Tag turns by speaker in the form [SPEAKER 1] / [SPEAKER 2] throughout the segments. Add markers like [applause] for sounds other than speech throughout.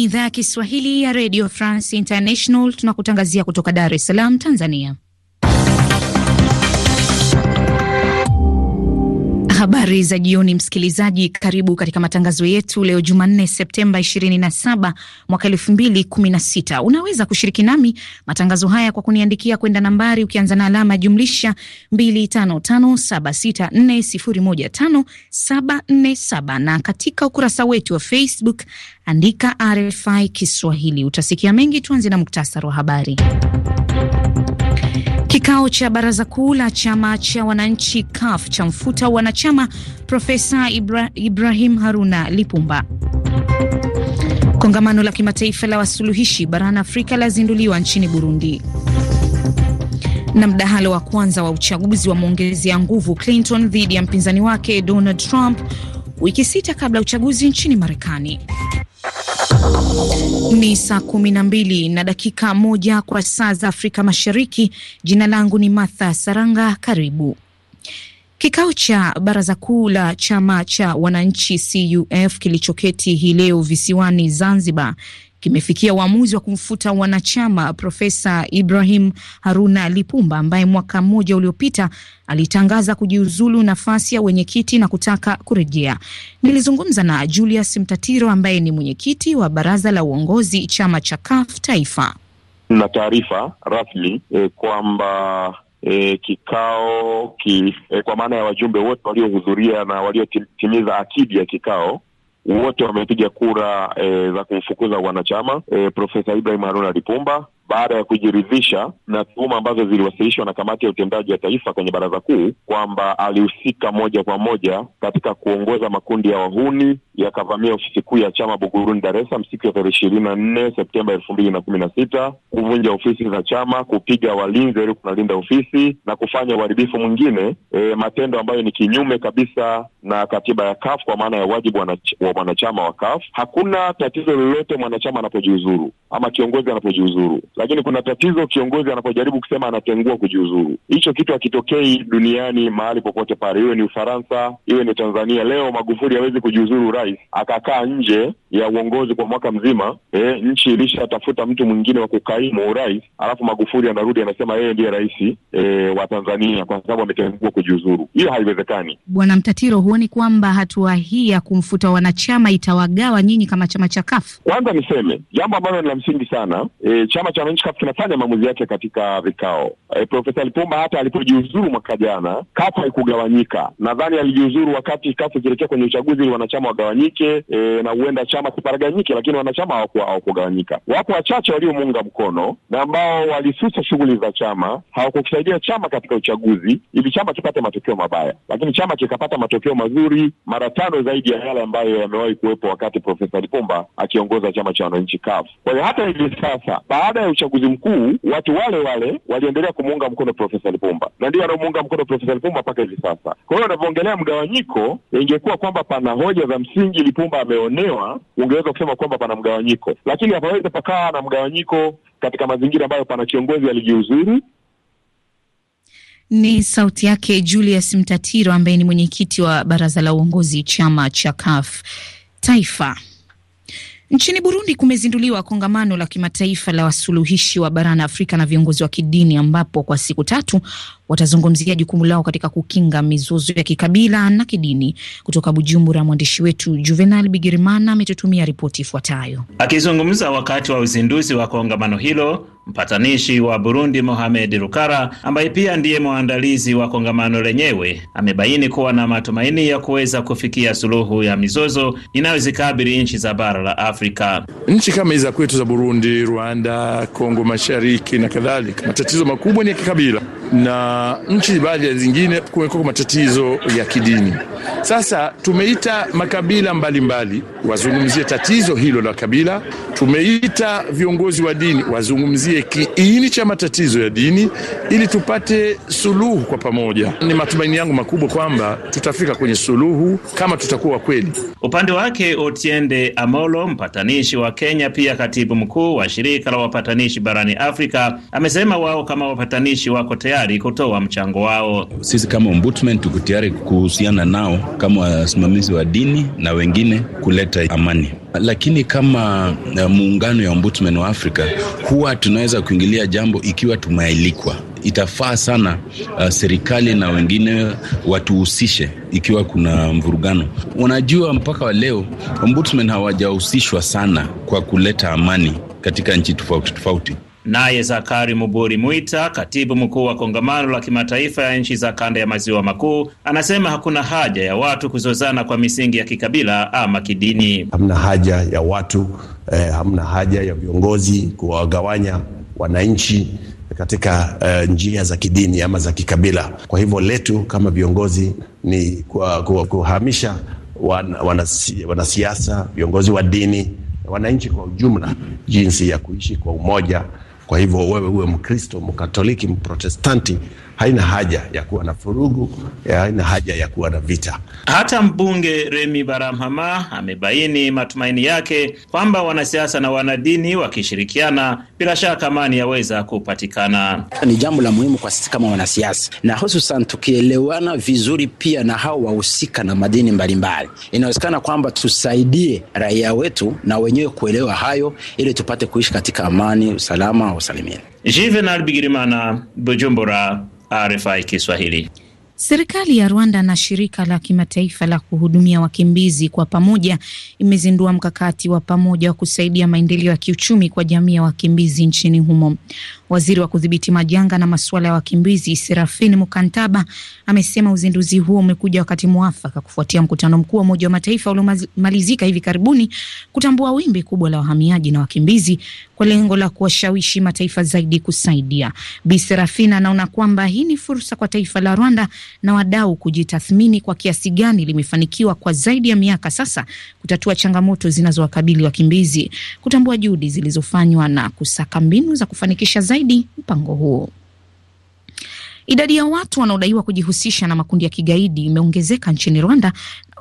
[SPEAKER 1] ni idhaa ya Kiswahili ya Radio France International, tunakutangazia kutoka Dar es Salaam, Tanzania. Habari za jioni, msikilizaji. Karibu katika matangazo yetu leo Jumanne, Septemba 27 mwaka 2016. Unaweza kushiriki nami matangazo haya kwa kuniandikia kwenda nambari ukianza na alama jumlisha 255764015747 na katika ukurasa wetu wa Facebook andika RFI Kiswahili. Utasikia mengi. Tuanze na muktasari wa habari. Kikao cha baraza kuu la chama cha wananchi CUF cha mfuta wanachama Profesa Ibra Ibrahim Haruna Lipumba. Kongamano la kimataifa la wasuluhishi barani Afrika lazinduliwa nchini Burundi. Na mdahalo wa kwanza wa uchaguzi wa ya nguvu Clinton dhidi ya mpinzani wake Donald Trump wiki sita kabla ya uchaguzi nchini Marekani. Ni saa kumi na mbili na dakika moja kwa saa za Afrika Mashariki. Jina langu ni Martha Saranga, karibu. Kikao cha baraza kuu la chama cha wananchi CUF kilichoketi hii leo visiwani Zanzibar kimefikia uamuzi wa kumfuta wanachama Profesa Ibrahim Haruna Lipumba ambaye mwaka mmoja uliopita alitangaza kujiuzulu nafasi ya wenyekiti na kutaka kurejea. Nilizungumza na Julius Mtatiro ambaye ni mwenyekiti wa baraza la uongozi chama cha KAF Taifa
[SPEAKER 2] na taarifa rasmi eh, kwamba e, kikao ki, e, kwa maana ya wajumbe wote waliohudhuria na waliotimiza akidi ya kikao wote wamepiga kura e, za kumfukuza wanachama e, Profesa Ibrahim Haruna Lipumba baada ya kujiridhisha na tuhuma ambazo ziliwasilishwa na kamati ya utendaji wa taifa kwenye baraza kuu kwamba alihusika moja kwa moja katika kuongoza makundi ya wahuni yakavamia ofisi kuu ya chama Buguruni, Dar es siku ya tarehe ishirini na nne Septemba elfu mbili na kumi na sita kuvunja ofisi za chama, kupiga walinzi ili kunalinda ofisi na kufanya uharibifu mwingine, e, matendo ambayo ni kinyume kabisa na katiba ya kaf kwa maana ya wajibu wa mwanachama wa kaf Hakuna tatizo lolote mwanachama anapojiuzuru ama kiongozi anapojiuzuru lakini kuna tatizo kiongozi anapojaribu kusema anatengua kujiuzuru. Hicho kitu hakitokei duniani mahali popote pale, iwe ni Ufaransa, iwe ni Tanzania. Leo Magufuli hawezi kujiuzuru rais akakaa nje ya uongozi kwa mwaka mzima. E, nchi ilishatafuta mtu mwingine wa kukaimu urais, alafu Magufuli anarudi anasema yeye ndiye rais e, wa Tanzania kwa sababu ametengua kujiuzuru. Hiyo haiwezekani.
[SPEAKER 1] Bwana Mtatiro, huoni kwamba hatua hii ya kumfuta wanachama itawagawa nyinyi kama chama cha Kafu? Kwanza
[SPEAKER 2] niseme jambo ambalo ni la msingi sana e, chama cha wananchi tunafanya maamuzi yake katika vikao. E, Profesa Lipumba hata alipojiuzuru mwaka jana kafu haikugawanyika. Nadhani alijiuzuru wakati kafu ikielekea kwenye uchaguzi ili wanachama wagawanyike, e, na huenda chama kiparaganyike, lakini wanachama hawakugawanyika. Wapo wachache waliomuunga mkono na ambao walisusa shughuli za chama, hawakukisaidia chama katika uchaguzi ili chama kipate matokeo mabaya, lakini chama kikapata matokeo mazuri mara tano zaidi ya yale ambayo yamewahi kuwepo wakati Profesa Lipumba akiongoza chama cha wananchi kafu. Kwa hiyo hata hivi sasa baada ya uchaguzi mkuu, watu wale wale waliendelea kumuunga mkono Profesa Lipumba na ndio wanaomuunga mkono Profesa Lipumba mpaka hivi sasa. Kwa hiyo unavyoongelea mgawanyiko, ingekuwa kwamba pana hoja za msingi, Lipumba ameonewa, ungeweza kusema kwamba pana mgawanyiko, lakini hapaweza pakawa na mgawanyiko katika mazingira ambayo pana kiongozi alijiuzuru.
[SPEAKER 1] Ni sauti yake Julius Mtatiro ambaye ni mwenyekiti wa baraza la uongozi chama cha kaf taifa. Nchini Burundi kumezinduliwa kongamano la kimataifa la wasuluhishi wa barani Afrika na viongozi wa kidini ambapo kwa siku tatu watazungumzia jukumu lao katika kukinga mizozo ya kikabila na kidini. Kutoka Bujumbura, mwandishi wetu Juvenal Bigirimana ametutumia ripoti ifuatayo.
[SPEAKER 3] Akizungumza wakati wa uzinduzi wa kongamano hilo, mpatanishi wa Burundi Mohamed Rukara, ambaye pia ndiye mwandalizi wa kongamano lenyewe, amebaini kuwa na matumaini ya kuweza kufikia suluhu ya mizozo inayozikabili nchi za bara la Afrika.
[SPEAKER 4] Nchi kama hizi za kwetu za Burundi, Rwanda, Kongo Mashariki na kadhalika, matatizo makubwa ni ya kikabila na nchi baadhi ya zingine kumekuwa matatizo ya kidini. Sasa tumeita makabila mbalimbali wazungumzie tatizo hilo la kabila, tumeita viongozi wa dini wazungumzie kiini cha matatizo ya dini ili tupate suluhu kwa pamoja. Ni matumaini yangu makubwa kwamba tutafika kwenye suluhu kama tutakuwa kweli.
[SPEAKER 3] Upande wake, Otiende Amolo, mpatanishi wa Kenya, pia katibu mkuu wa shirika la wapatanishi barani Afrika, amesema wao kama wapatanishi wako tayari kutoa wa mchango
[SPEAKER 5] wao. Sisi kama ombudsman tuko tayari kuhusiana nao kama wasimamizi wa dini na wengine kuleta amani lakini kama uh, muungano ya ombudsman wa Afrika huwa tunaweza kuingilia jambo ikiwa tumealikwa. Itafaa sana uh, serikali na wengine watuhusishe ikiwa kuna mvurugano. Unajua, mpaka wa leo ombudsman hawajahusishwa sana kwa kuleta amani katika nchi tofauti tofauti.
[SPEAKER 3] Naye Zakari Muburi Mwita, katibu mkuu wa kongamano la kimataifa ya nchi za kanda ya maziwa makuu, anasema hakuna haja ya watu kuzozana kwa misingi ya kikabila ama kidini.
[SPEAKER 5] Hamna haja ya watu eh, hamna haja ya viongozi kuwagawanya wananchi katika uh, njia za kidini ama za kikabila. Kwa hivyo letu kama viongozi ni kuhamisha wan, wanasi, wanasiasa, viongozi wa dini, wananchi kwa ujumla, jinsi ya kuishi kwa umoja kwa hivyo wewe uwe Mkristo, Mkatoliki, Mprotestanti, haina haja ya kuwa na furugu, eh, haina haja ya kuwa na vita.
[SPEAKER 3] Hata mbunge Remi Baramhama amebaini matumaini yake kwamba wanasiasa na wanadini wakishirikiana, bila shaka amani yaweza kupatikana. Ni jambo la muhimu kwa sisi kama wanasiasa,
[SPEAKER 6] na hususan tukielewana vizuri pia na hao wahusika na madini mbalimbali, inawezekana kwamba tusaidie raia wetu na wenyewe kuelewa hayo, ili tupate kuishi katika amani, usalama, usalimini.
[SPEAKER 3] Juvenal Bigirimana, Bujumbura, RFI Kiswahili.
[SPEAKER 1] Serikali ya Rwanda na shirika la kimataifa la kuhudumia wakimbizi kwa pamoja imezindua mkakati wa pamoja wa kusaidia maendeleo ya kiuchumi kwa jamii ya wakimbizi nchini humo. Waziri wa kudhibiti majanga na masuala ya wakimbizi Serafini Mukantaba amesema uzinduzi huo umekuja wakati mwafaka kufuatia mkutano mkuu wa Umoja wa Mataifa uliomalizika hivi karibuni kutambua wimbi kubwa la wahamiaji na wakimbizi kwa lengo la kuwashawishi mataifa zaidi kusaidia. Bi Serafini anaona kwamba hii ni fursa kwa taifa la Rwanda na wadau kujitathmini kwa kiasi gani limefanikiwa kwa zaidi ya miaka sasa kutatua changamoto zinazowakabili wakimbizi, kutambua juhudi zilizofanywa na kusaka mbinu za kufanikisha zaidi zaidi mpango huo. Idadi ya watu wanaodaiwa kujihusisha na makundi ya kigaidi imeongezeka nchini Rwanda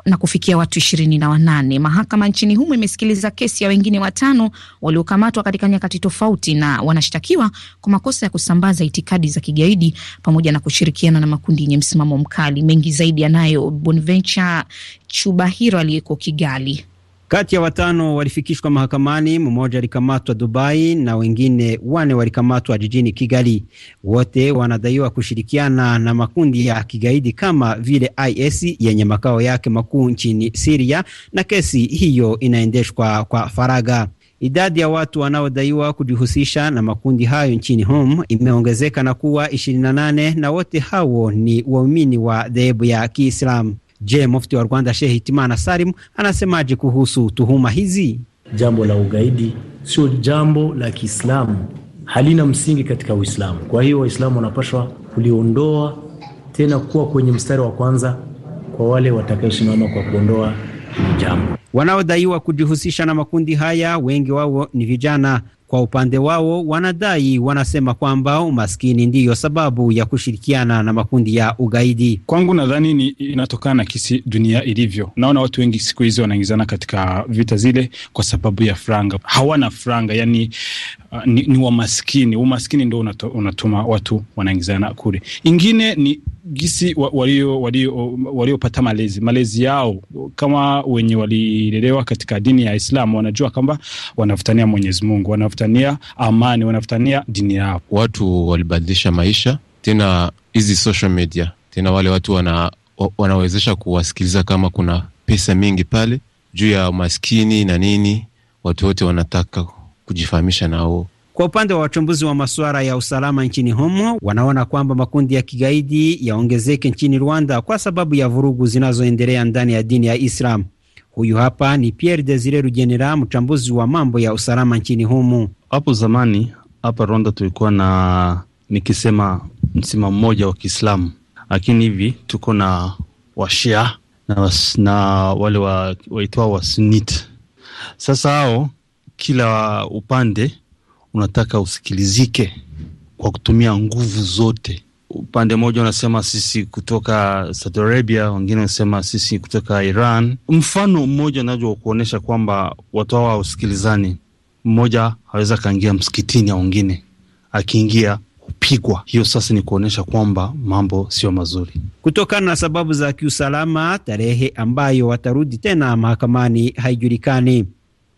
[SPEAKER 1] na kufikia watu ishirini na wanane. Mahakama nchini humo imesikiliza kesi ya wengine watano waliokamatwa katika nyakati tofauti na wanashtakiwa kwa makosa ya kusambaza itikadi za kigaidi pamoja na kushirikiana na makundi yenye msimamo mkali. Mengi zaidi yanayo Bonventure Chubahiro aliyeko Kigali.
[SPEAKER 6] Kati ya watano walifikishwa mahakamani, mmoja alikamatwa Dubai na wengine wane walikamatwa jijini Kigali. Wote wanadaiwa kushirikiana na makundi ya kigaidi kama vile IS yenye makao yake makuu nchini Siria, na kesi hiyo inaendeshwa kwa faraga. Idadi ya watu wanaodaiwa kujihusisha na makundi hayo nchini humo imeongezeka na kuwa 28 na wote hao ni waumini wa dhehebu ya Kiislamu. Je, mufti wa Rwanda Sheikh Hitimana Salim anasemaje kuhusu tuhuma hizi? Jambo la ugaidi sio jambo la Kiislamu, halina msingi katika Uislamu. Kwa hiyo Waislamu wanapaswa kuliondoa tena kuwa kwenye mstari wa kwanza kwa wale watakaosimama kwa kuondoa hili jambo. Wanaodaiwa kujihusisha na makundi haya wengi wao ni vijana. Kwa upande wao wanadai, wanasema kwamba umaskini ndiyo sababu ya kushirikiana na makundi ya ugaidi.
[SPEAKER 5] Kwangu nadhani ni inatokana na kisi dunia ilivyo. Naona watu wengi siku hizi wanaingizana katika vita zile kwa sababu ya franga. Hawana franga, yani uh, ni, ni wamaskini. Umaskini ndo unatuma watu wanaingizana kule. Ingine ni gisi waliopata walio, walio malezi malezi yao kama wenye walilelewa katika dini ya Islamu wanajua kwamba wanafutania Mwenyezi Mungu, wanafutania amani, wanafutania dini yao. Watu walibadilisha maisha tena, hizi social media tena, wale watu wana, wanawezesha kuwasikiliza kama kuna pesa mingi pale juu ya maskini na nini, watu wote wanataka kujifahamisha nao
[SPEAKER 6] kwa upande wa wachambuzi wa masuala ya usalama nchini humo, wanaona kwamba makundi ya kigaidi yaongezeke nchini Rwanda kwa sababu ya vurugu zinazoendelea ndani ya dini ya Islam. Huyu hapa ni Pierre Desire Rugenera, mchambuzi wa mambo ya usalama nchini humo. Hapo zamani hapa Rwanda tulikuwa na nikisema msimamo mmoja wa Kiislamu,
[SPEAKER 3] lakini hivi tuko na washia na, na wale waitwao sunit. Sasa hao kila upande unataka usikilizike kwa kutumia nguvu zote. Upande mmoja unasema sisi kutoka Saudi Arabia, wengine wanasema sisi kutoka Iran. Mfano mmoja unajua kuonyesha kwamba watu hawa hausikilizani, mmoja aweza akaingia msikitini, au wengine akiingia hupigwa Hiyo sasa ni kuonyesha kwamba mambo sio mazuri.
[SPEAKER 6] Kutokana na sababu za kiusalama, tarehe ambayo watarudi tena mahakamani haijulikani.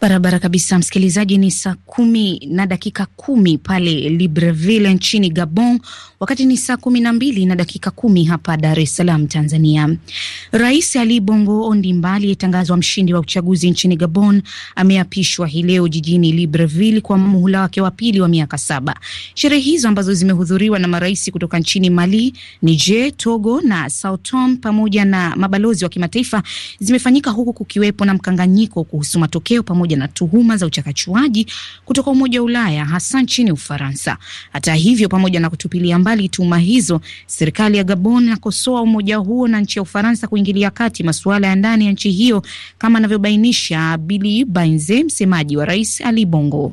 [SPEAKER 1] Barabara kabisa, msikilizaji. Ni saa kumi na dakika kumi pale Libreville nchini Gabon, wakati ni saa kumi na mbili na dakika kumi hapa Dar es Salaam, Tanzania. Rais Ali Bongo Ondimba aliyetangazwa mshindi wa uchaguzi nchini Gabon ameapishwa hii leo jijini Libreville kwa muhula wake wa pili wa miaka saba. Sherehe hizo ambazo zimehudhuriwa na marais kutoka nchini Mali, Niger, Togo na Sao Tome pamoja na mabalozi wa kimataifa zimefanyika huku kukiwepo na mkanganyiko kuhusu matokeo pamoja pamoja na tuhuma za uchakachuaji kutoka Umoja wa Ulaya, hasa nchini Ufaransa. Hata hivyo, pamoja na kutupilia mbali tuhuma hizo, serikali ya Gabon inakosoa umoja huo na nchi ya Ufaransa kuingilia kati masuala ya ndani ya nchi hiyo, kama anavyobainisha Bili Bainze, msemaji wa Rais Ali Bongo.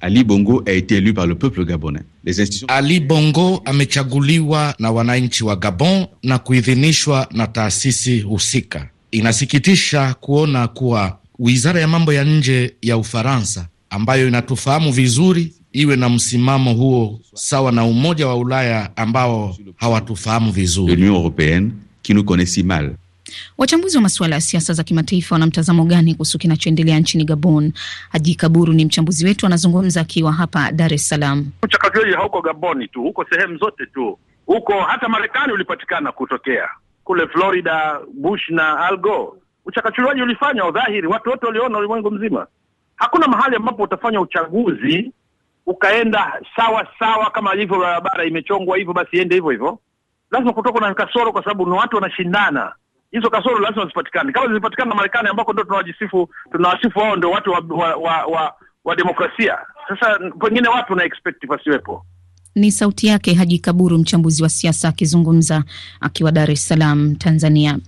[SPEAKER 5] Ali Bongo a été élu par le peuple gabonais. Les institutions...
[SPEAKER 4] Ali Bongo amechaguliwa na wananchi wa Gabon na kuidhinishwa na taasisi husika. Inasikitisha kuona kuwa wizara ya mambo ya nje ya Ufaransa ambayo inatufahamu vizuri iwe na msimamo huo sawa na Umoja wa Ulaya ambao hawatufahamu
[SPEAKER 5] vizuri. L'Union Européenne qui nous connaît si mal.
[SPEAKER 4] Wachambuzi wa masuala ya siasa
[SPEAKER 1] za kimataifa wana mtazamo gani kuhusu kinachoendelea nchini Gabon? Haji Kaburu ni mchambuzi wetu, anazungumza akiwa hapa Dar es Salaam.
[SPEAKER 2] Uchakaziaji hauko Gaboni tu, huko sehemu zote tu, huko hata Marekani ulipatikana kutokea kule Florida, Bush na Al Gore uchakachuliwaji ulifanywa dhahiri, watu wote waliona, ulimwengu mzima. Hakuna mahali ambapo utafanya uchaguzi ukaenda sawa sawa kama ilivyo barabara imechongwa hivyo, basi iende hivyo hivyo. Lazima kutoka na kasoro, kwa sababu ni watu wanashindana. Hizo kasoro lazima zipatikane, kama zilipatikana na Marekani ambako ndo tunawajisifu tunawasifu wao ndio watu wa, wa, wa, wa, wa demokrasia. Sasa pengine watu na expect pasiwepo.
[SPEAKER 1] Ni sauti yake Haji Kaburu, mchambuzi wa siasa akizungumza akiwa Dar es Salaam, Tanzania.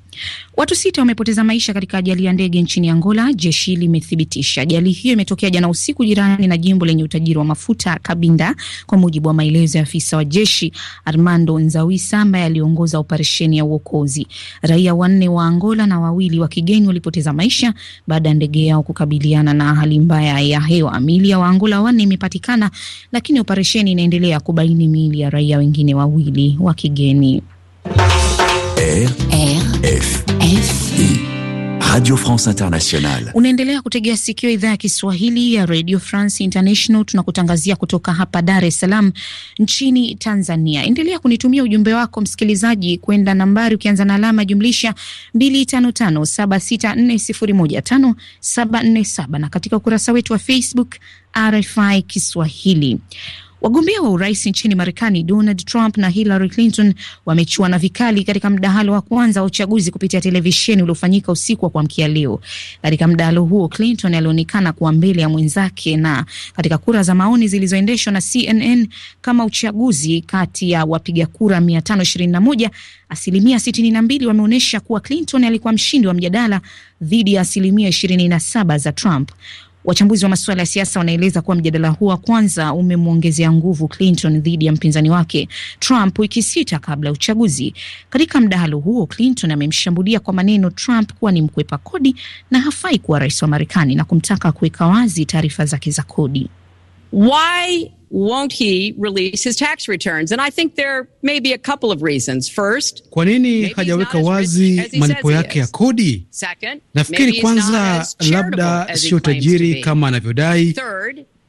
[SPEAKER 1] Watu sita wamepoteza maisha katika ajali ya ndege nchini Angola, jeshi limethibitisha. Ajali hiyo imetokea jana usiku jirani na jimbo lenye utajiri wa mafuta kabinda kwa mujibu wa maelezo ya afisa wa jeshi Armando Nzawisa ambaye aliongoza operesheni ya uokozi. Raia wanne wa Angola na wawili wa kigeni walipoteza maisha baada ya ndege yao kukabiliana na hali mbaya ya hewa. Miili ya Waangola wanne imepatikana, lakini operesheni inaendelea kubaini miili ya raia wengine wawili wa kigeni. R, R F, F, I.
[SPEAKER 5] Radio France Internationale.
[SPEAKER 1] Unaendelea kutegea sikio idhaa ya Kiswahili ya Radio France International. Tunakutangazia kutoka hapa Dar es Salaam nchini Tanzania. Endelea kunitumia ujumbe wako msikilizaji, kwenda nambari ukianza na alama jumlisha 255764015747 na katika ukurasa wetu wa Facebook RFI Kiswahili. Wagombea wa urais nchini Marekani, Donald Trump na Hillary Clinton wamechuana vikali katika mdahalo wa kwanza wa uchaguzi kupitia televisheni uliofanyika usiku wa kuamkia leo. Katika mdahalo huo, Clinton alionekana kuwa mbele ya mwenzake na katika kura za maoni zilizoendeshwa na CNN kama uchaguzi kati ya wapiga kura 521, asilimia 62 wameonyesha kuwa Clinton alikuwa mshindi wa mjadala dhidi ya asilimia 27 za Trump. Wachambuzi wa masuala ya siasa wanaeleza kuwa mjadala huo wa kwanza umemwongezea nguvu Clinton dhidi ya mpinzani wake Trump wiki sita kabla ya uchaguzi. Katika mdahalo huo, Clinton amemshambulia kwa maneno Trump kuwa ni mkwepa kodi na hafai kuwa rais wa Marekani na kumtaka kuweka wazi taarifa zake za kodi.
[SPEAKER 7] Why won't he release his tax returns? And I think there may be a couple of reasons. First,
[SPEAKER 8] kwa nini hajaweka wazi malipo yake ya kodi? Second, nafikiri kwanza labda sio tajiri kama anavyodai.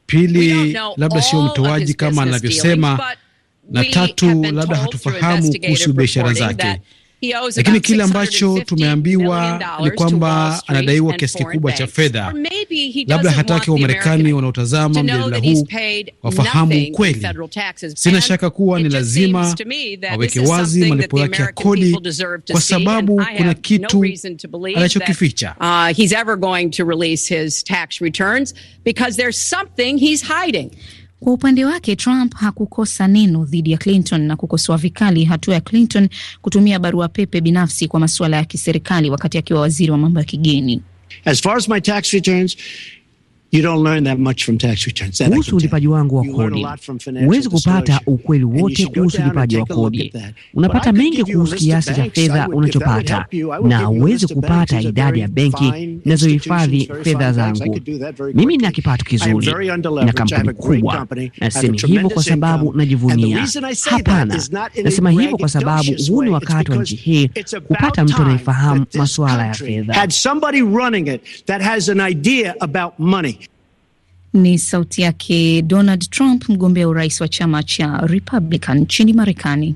[SPEAKER 8] Pili, labda sio mtoaji kama anavyosema, na tatu, labda hatufahamu kuhusu biashara zake.
[SPEAKER 7] Lakini kile ambacho
[SPEAKER 8] tumeambiwa ni kwamba anadaiwa kiasi kikubwa cha fedha.
[SPEAKER 7] Labda hataki Wamarekani
[SPEAKER 8] wanaotazama mjadala huu wafahamu ukweli. Sina shaka kuwa ni lazima waweke wazi malipo yake ya kodi, kwa sababu kuna kitu anachokificha.
[SPEAKER 7] Uh,
[SPEAKER 1] kwa upande wake Trump hakukosa neno dhidi ya Clinton na kukosoa vikali hatua ya Clinton kutumia barua pepe binafsi kwa masuala ya kiserikali wakati akiwa waziri wa mambo ya
[SPEAKER 6] kigeni. As far as my tax returns, kuhusu ulipaji wangu wa kodi, huwezi kupata ukweli wote kuhusu ulipaji wa kodi.
[SPEAKER 9] Unapata mengi kuhusu kiasi cha fedha unachopata, na huwezi kupata idadi ya benki inazohifadhi fedha zangu. Mimi nina kipato kizuri na kampuni kubwa, nasisemi hivyo kwa sababu najivunia. Hapana, nasema hivyo
[SPEAKER 6] kwa sababu huu ni wakati wa nchi hii kupata mtu anayefahamu masuala ya fedha. Ni sauti
[SPEAKER 1] yake Donald Trump, mgombea urais wa chama cha Republican nchini Marekani.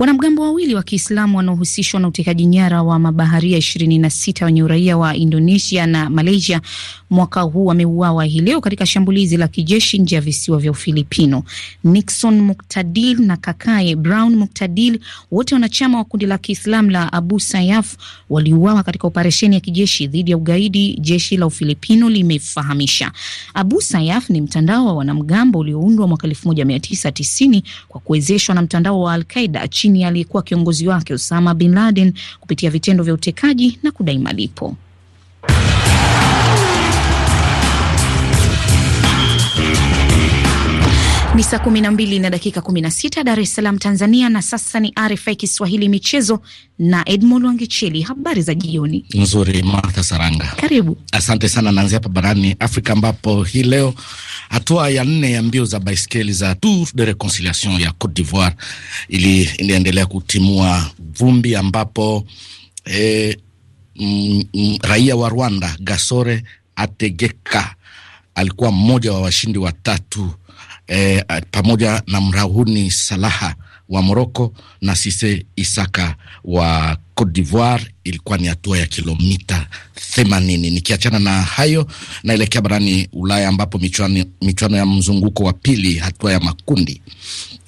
[SPEAKER 1] Wanamgambo wawili wa Kiislamu wanaohusishwa na utekaji nyara wa mabaharia 26 wenye uraia wa Indonesia na Malaysia mwaka huu wameuawa hii leo katika shambulizi la kijeshi nje ya visiwa vya Ufilipino. Nixon Muktadil na kakae Brown Muktadil, wote wanachama wa kundi la Kiislamu la Abu Sayyaf, waliuawa katika operesheni ya kijeshi dhidi ya ugaidi, jeshi la Ufilipino limefahamisha. Abu Sayyaf ni mtandao wa wanamgambo ulioundwa mwaka 1990 kwa kuwezeshwa na mtandao wa al chini ya aliyekuwa kiongozi wake Osama bin Laden kupitia vitendo vya utekaji na kudai malipo. Ni saa 12 na dakika sita Dar es Salaam, Tanzania. Na sasa ni RFI Kiswahili Michezo na Edmond Wangicheli. Habari za jioni.
[SPEAKER 4] Nzuri, Martha Saranga, karibu. Asante sana. Naanzia hapa barani Afrika ambapo hii leo Hatua ya nne ya mbio za baiskeli za Tour de Reconciliation ya Cote d'Ivoire ili inaendelea kutimua vumbi ambapo e, m, m, raia wa Rwanda Gasore Ategeka alikuwa mmoja wa washindi watatu e, pamoja na Mrahuni Salaha wa Moroko na Sise Isaka wa Cote d'Ivoire ilikuwa ni hatua ya kilomita themanini. Nikiachana na hayo, naelekea barani Ulaya ambapo michuano, michuano ya mzunguko wa pili hatua ya makundi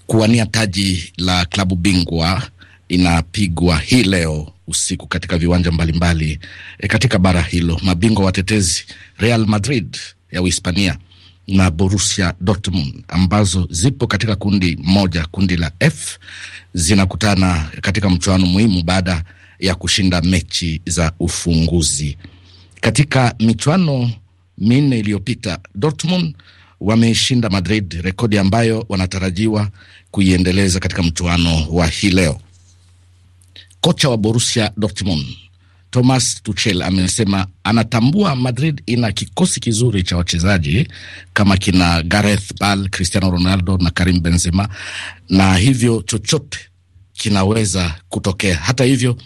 [SPEAKER 4] kuwania taji la klabu bingwa inapigwa hii leo usiku katika viwanja mbalimbali e, katika bara hilo. Mabingwa watetezi Real Madrid ya Uhispania na Borussia Dortmund ambazo zipo katika kundi moja, kundi la F, zinakutana katika mchuano muhimu baada ya kushinda mechi za ufunguzi. Katika michuano minne iliyopita, Dortmund wameishinda Madrid, rekodi ambayo wanatarajiwa kuiendeleza katika mchuano wa hii leo. Kocha wa Borussia Dortmund Thomas Tuchel amesema anatambua Madrid ina kikosi kizuri cha wachezaji kama kina Gareth Bale, Cristiano Ronaldo na Karim Benzema, na hivyo chochote kinaweza kutokea. Hata hivyo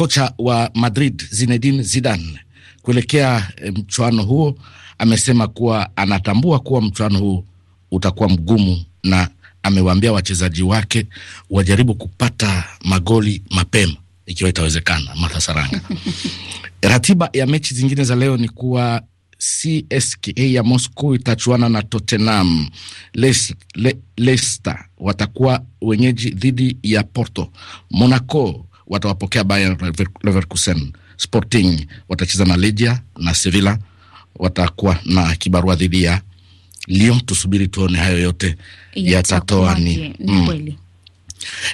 [SPEAKER 4] Kocha wa Madrid Zinedine Zidane kuelekea eh, mchuano huo amesema kuwa anatambua kuwa mchuano huo utakuwa mgumu na amewaambia wachezaji wake wajaribu kupata magoli mapema ikiwa itawezekana. Martha Saranga. [laughs] Ratiba ya mechi zingine za leo ni kuwa CSKA ya Moscow itachuana na Tottenham. Leicester Le, watakuwa wenyeji dhidi ya Porto. Monaco watawapokea Bayer Leverkusen. Sporting watacheza na Legia na Sevilla watakuwa na kibarua dhidi ya Lyon. Tusubiri tuone hayo yote yatatoa ni kweli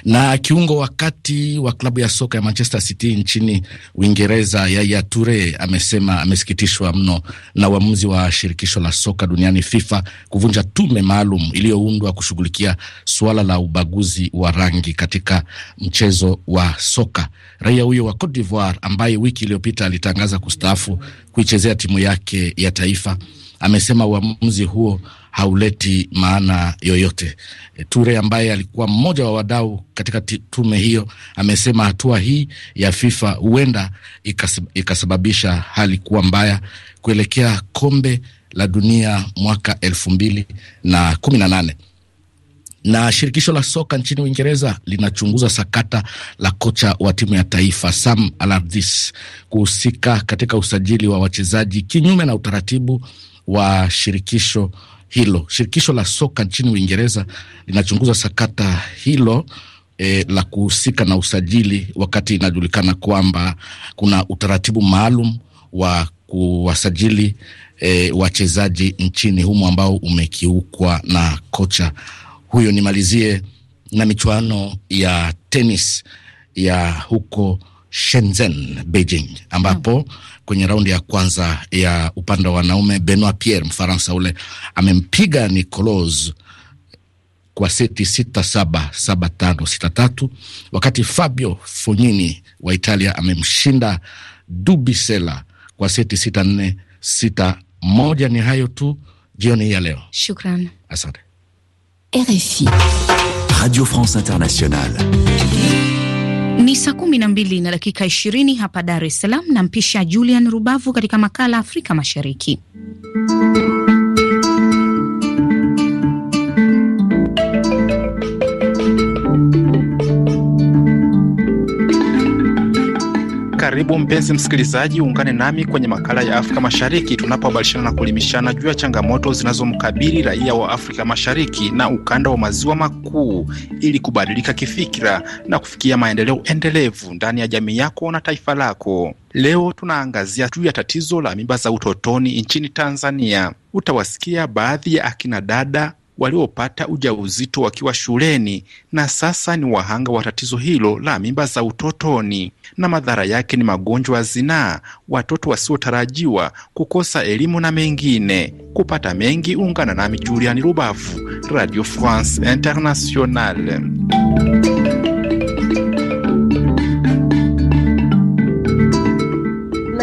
[SPEAKER 4] na kiungo wa kati wa klabu ya soka ya Manchester City nchini Uingereza, Yaya Toure amesema amesikitishwa mno na uamuzi wa shirikisho la soka duniani FIFA kuvunja tume maalum iliyoundwa kushughulikia suala la ubaguzi wa rangi katika mchezo wa soka. Raia huyo wa Cote d'Ivoire ambaye wiki iliyopita alitangaza kustaafu kuichezea timu yake ya taifa amesema uamuzi huo hauleti maana yoyote. E, Ture ambaye alikuwa mmoja wa wadau katika tume hiyo amesema hatua hii ya FIFA huenda ikasababisha hali kuwa mbaya kuelekea kombe la dunia mwaka elfu mbili na kumi na nane na shirikisho la soka nchini Uingereza linachunguza sakata la kocha wa timu ya taifa Sam Allardyce kuhusika katika usajili wa wachezaji kinyume na utaratibu wa shirikisho hilo. Shirikisho la soka nchini Uingereza linachunguza sakata hilo E, la kuhusika na usajili wakati inajulikana kwamba kuna utaratibu maalum wa kuwasajili e, wachezaji nchini humo ambao umekiukwa na kocha huyo. Nimalizie na michuano ya tenis ya huko Shenzhen, Beijing ambapo hmm kwenye raundi ya kwanza ya upande wa wanaume. Benoit Pierre Mfaransa ule amempiga Nicolas kwa seti sita saba saba tano sita tatu, wakati Fabio Fognini wa Italia amemshinda Dubisela kwa seti sita nne sita moja. Ni hayo tu jioni ya leo,
[SPEAKER 1] shukran,
[SPEAKER 5] asante. RFI Radio France Internationale.
[SPEAKER 1] Ni saa kumi na mbili na dakika ishirini hapa Dar es Salaam. Nampisha Julian Rubavu katika makala Afrika Mashariki.
[SPEAKER 5] Karibu mpenzi msikilizaji, uungane nami kwenye makala ya Afrika Mashariki tunapobadilishana na kuelimishana juu ya changamoto zinazomkabili raia wa Afrika Mashariki na ukanda wa maziwa makuu ili kubadilika kifikira na kufikia maendeleo endelevu ndani ya jamii yako na taifa lako. Leo tunaangazia juu ya tatizo la mimba za utotoni nchini Tanzania. Utawasikia baadhi ya akina dada waliopata ujauzito wakiwa shuleni na sasa ni wahanga wa tatizo hilo la mimba za utotoni, na madhara yake ni magonjwa ya zinaa, watoto wasiotarajiwa, kukosa elimu na mengine. Kupata mengi, ungana nami Juliani Rubavu, Radio France Internationale.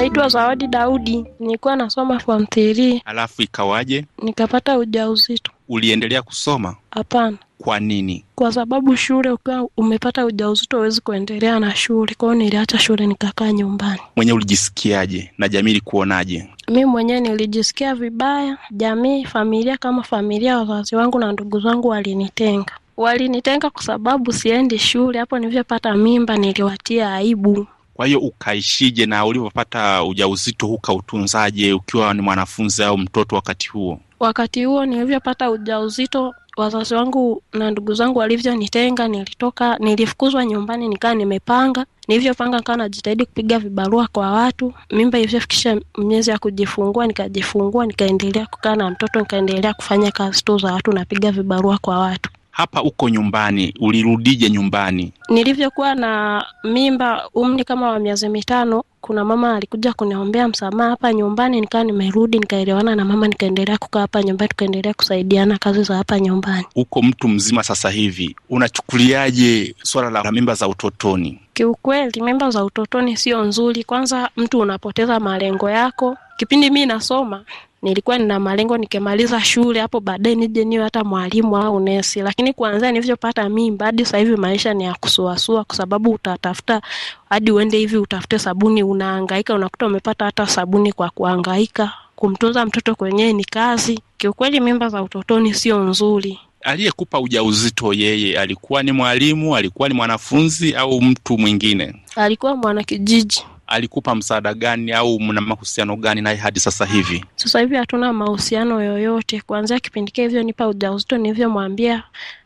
[SPEAKER 10] Naitwa Zawadi Daudi, nilikuwa nasoma form three.
[SPEAKER 5] Alafu ikawaje?
[SPEAKER 10] Nikapata ujauzito.
[SPEAKER 5] Uliendelea kusoma? Hapana. Kwa nini?
[SPEAKER 10] Kwa sababu shule, ukiwa umepata ujauzito huwezi kuendelea na shule. Kwa hiyo niliacha shule nikakaa nyumbani.
[SPEAKER 5] Mwenyewe ulijisikiaje na jamii ilikuonaje?
[SPEAKER 10] Mi mwenyewe nilijisikia vibaya. Jamii, familia, kama familia, wazazi wangu na ndugu zangu walinitenga walinitenga kwa sababu siendi shule. Hapo nilivyopata mimba niliwatia aibu.
[SPEAKER 5] Kwa hiyo ukaishije, na ulivyopata ujauzito ukautunzaje ukiwa ni mwanafunzi au mtoto wakati huo?
[SPEAKER 10] Wakati huo nilivyopata ujauzito wazazi wangu na ndugu zangu walivyonitenga, nilitoka, nilifukuzwa nyumbani, nikaa nimepanga. Nilivyopanga nikawa najitahidi kupiga vibarua kwa watu. Mimba ilivyofikisha miezi ya kujifungua, nikajifungua, nikaendelea kukaa na mtoto, nikaendelea kufanya kazi tu za watu, napiga vibarua kwa watu
[SPEAKER 5] hapa uko nyumbani, ulirudije nyumbani?
[SPEAKER 10] Nilivyokuwa na mimba umri kama wa miezi mitano, kuna mama alikuja kuniombea msamaha hapa nyumbani, nikawa nimerudi, nikaelewana na mama, nikaendelea kukaa hapa nyumbani, tukaendelea kusaidiana kazi za hapa nyumbani.
[SPEAKER 5] Uko mtu mzima sasa hivi, unachukuliaje swala la mimba za utotoni?
[SPEAKER 10] Kiukweli, mimba za utotoni sio nzuri. Kwanza mtu unapoteza malengo yako. Kipindi mi nasoma nilikuwa nina malengo nikimaliza shule hapo baadaye nije niwe hata mwalimu au nesi, lakini kuanzia nilivyopata mimba hadi sasa hivi maisha ni ya kusuasua, kwa sababu utatafuta hadi uende hivi utafute sabuni, unahangaika, unakuta umepata hata sabuni kwa kuhangaika. Kumtunza mtoto kwenyewe ni kazi kiukweli. Mimba za utotoni sio nzuri.
[SPEAKER 5] Aliyekupa ujauzito yeye alikuwa ni mwalimu, alikuwa ni mwanafunzi au mtu mwingine?
[SPEAKER 10] Alikuwa mwanakijiji
[SPEAKER 5] alikupa msaada gani au mna mahusiano gani naye hadi sasa hivi?
[SPEAKER 10] Sasa hivi hatuna mahusiano yoyote. Kuanzia kipindi kile nipa ujauzito, nilivyomwambia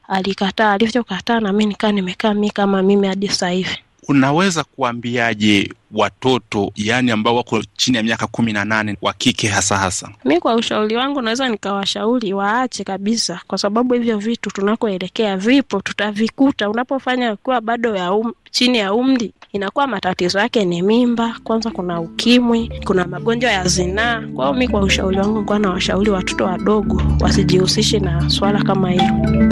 [SPEAKER 10] alikataa, alivyokataa na mimi nikaa nimekaa mimi kama mimi hadi sasa hivi
[SPEAKER 5] unaweza kuambiaje watoto yaani ambao wako chini ya miaka kumi na nane wa kike hasa hasa?
[SPEAKER 10] Mi kwa ushauri wangu naweza nikawashauri waache kabisa, kwa sababu hivyo vitu tunakoelekea vipo, tutavikuta unapofanya ukiwa bado ya um, chini ya umri inakuwa matatizo yake ni mimba. Kwanza kuna ukimwi, kuna magonjwa ya zinaa. Kwa mi kwa ushauri wangu nikuwa na washauri watoto wadogo wasijihusishe na swala kama hilo.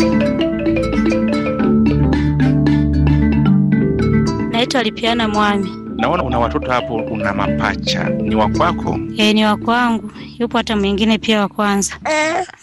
[SPEAKER 11] anaitwa Lipiana Mwami.
[SPEAKER 5] Naona una watoto hapo, una mapacha, ni wa kwako?
[SPEAKER 11] E, ni wa kwangu. Yupo hata mwingine pia wa kwanza.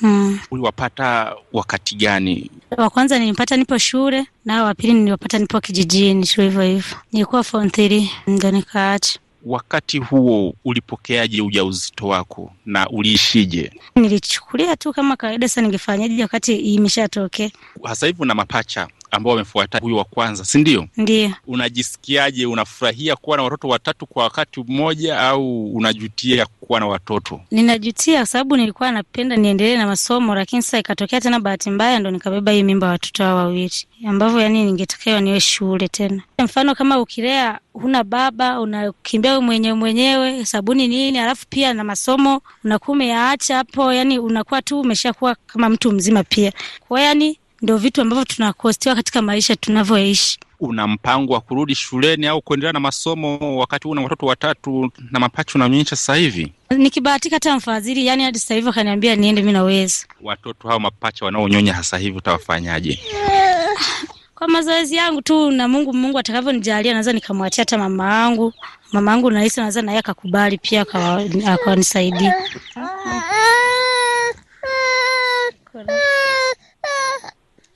[SPEAKER 11] Mm.
[SPEAKER 5] Uliwapata wakati gani?
[SPEAKER 11] Wa kwanza nilipata nipo shule na wa pili niliwapata nipo kijijini, shule hivyo hivyo. Nilikuwa form 3 ndio nikaacha.
[SPEAKER 5] Wakati huo ulipokeaje ujauzito wako na uliishije?
[SPEAKER 11] Nilichukulia tu kama kawaida, sasa ningefanyaje wakati imeshatokea?
[SPEAKER 5] Sasa hivi una mapacha, ambao wamefuata huyu wa kwanza, si ndio? Ndio. Unajisikiaje? Unafurahia kuwa na watoto watatu kwa wakati mmoja au unajutia kuwa na watoto?
[SPEAKER 11] Ninajutia kwa sababu nilikuwa napenda niendelee na masomo, lakini sasa ikatokea tena bahati mbaya ndo nikabeba hii mimba watoto hao wawili, ambavyo yani ningetakiwa niwe shule tena. Mfano kama ukilea huna baba, unakimbia wewe mwenyewe mwenyewe, sabuni nini, alafu pia na masomo unakuwa umeyaacha hapo, yani unakuwa tu umeshakuwa kama mtu mzima pia. Kwa yani ndo vitu ambavyo tunakostiwa katika maisha tunavyoishi.
[SPEAKER 5] Una mpango wa kurudi shuleni au kuendelea na masomo wakati huu na watoto watatu na mapacha unamnyonyesha sasa hivi?
[SPEAKER 11] Nikibahatika hata mfadhili, yani hadi sasa hivi akaniambia niende, mi naweza.
[SPEAKER 5] Watoto hao mapacha wanaonyonya sasa hivi utawafanyaje?
[SPEAKER 11] Kwa mazoezi yangu tu na Mungu, Mungu atakavyonijalia naweza nikamwachia hata mama yangu. Mama yangu nahisi naweza naye akakubali pia akanisaidia. [laughs]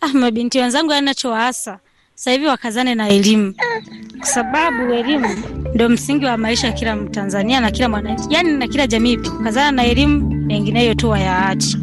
[SPEAKER 11] Ah, mabinti wenzangu, yanachowaasa sasa hivi wakazane na elimu, kwa sababu elimu ndio msingi wa maisha ya kila Mtanzania na kila mwananchi, yaani na kila jamii. Kazana na elimu, mengineyo tu wayaache.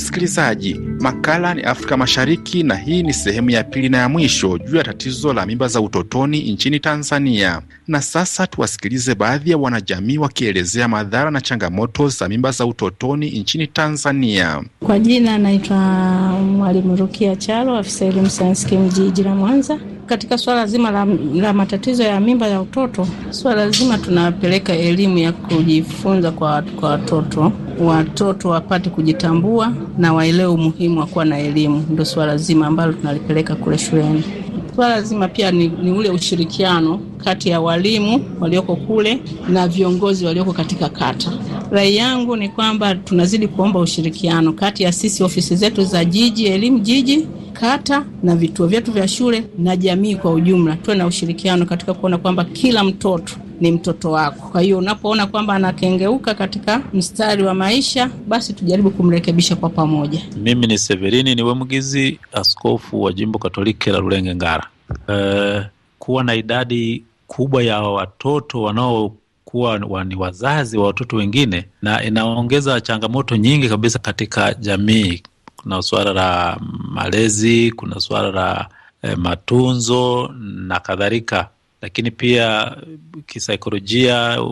[SPEAKER 5] Msikilizaji, makala ni Afrika Mashariki, na hii ni sehemu ya pili na ya mwisho juu ya tatizo la mimba za utotoni nchini Tanzania. Na sasa tuwasikilize baadhi ya wanajamii wakielezea madhara na changamoto za mimba za utotoni nchini Tanzania.
[SPEAKER 12] Kwa jina anaitwa Mwalimu Rukia Chalo, afisa elimu sayansi kimjiji la Mwanza katika swala zima la, la matatizo ya mimba ya utoto, swala zima tunapeleka elimu ya kujifunza kwa, kwa watoto watoto wapate kujitambua na waelewe umuhimu wa kuwa na elimu. Ndio swala zima ambalo tunalipeleka kule shuleni. Swala lazima pia ni, ni ule ushirikiano kati ya walimu walioko kule na viongozi walioko katika kata. Rai yangu ni kwamba tunazidi kuomba ushirikiano kati ya sisi ofisi zetu za jiji, elimu jiji kata na vituo vyetu vya shule na jamii kwa ujumla, tuwe na ushirikiano katika kuona kwamba kila mtoto ni mtoto wako. Kwa hiyo unapoona kwamba anakengeuka katika mstari wa maisha, basi tujaribu kumrekebisha kwa pamoja.
[SPEAKER 13] Mimi ni Severini ni Wemgizi, askofu wa jimbo Katoliki la Rulenge Ngara. E, kuwa na idadi kubwa ya watoto wanao kuwa ni wazazi wa watoto wengine, na inaongeza changamoto nyingi kabisa katika jamii. Kuna suala la malezi, kuna suala la e, matunzo na kadhalika lakini pia kisaikolojia,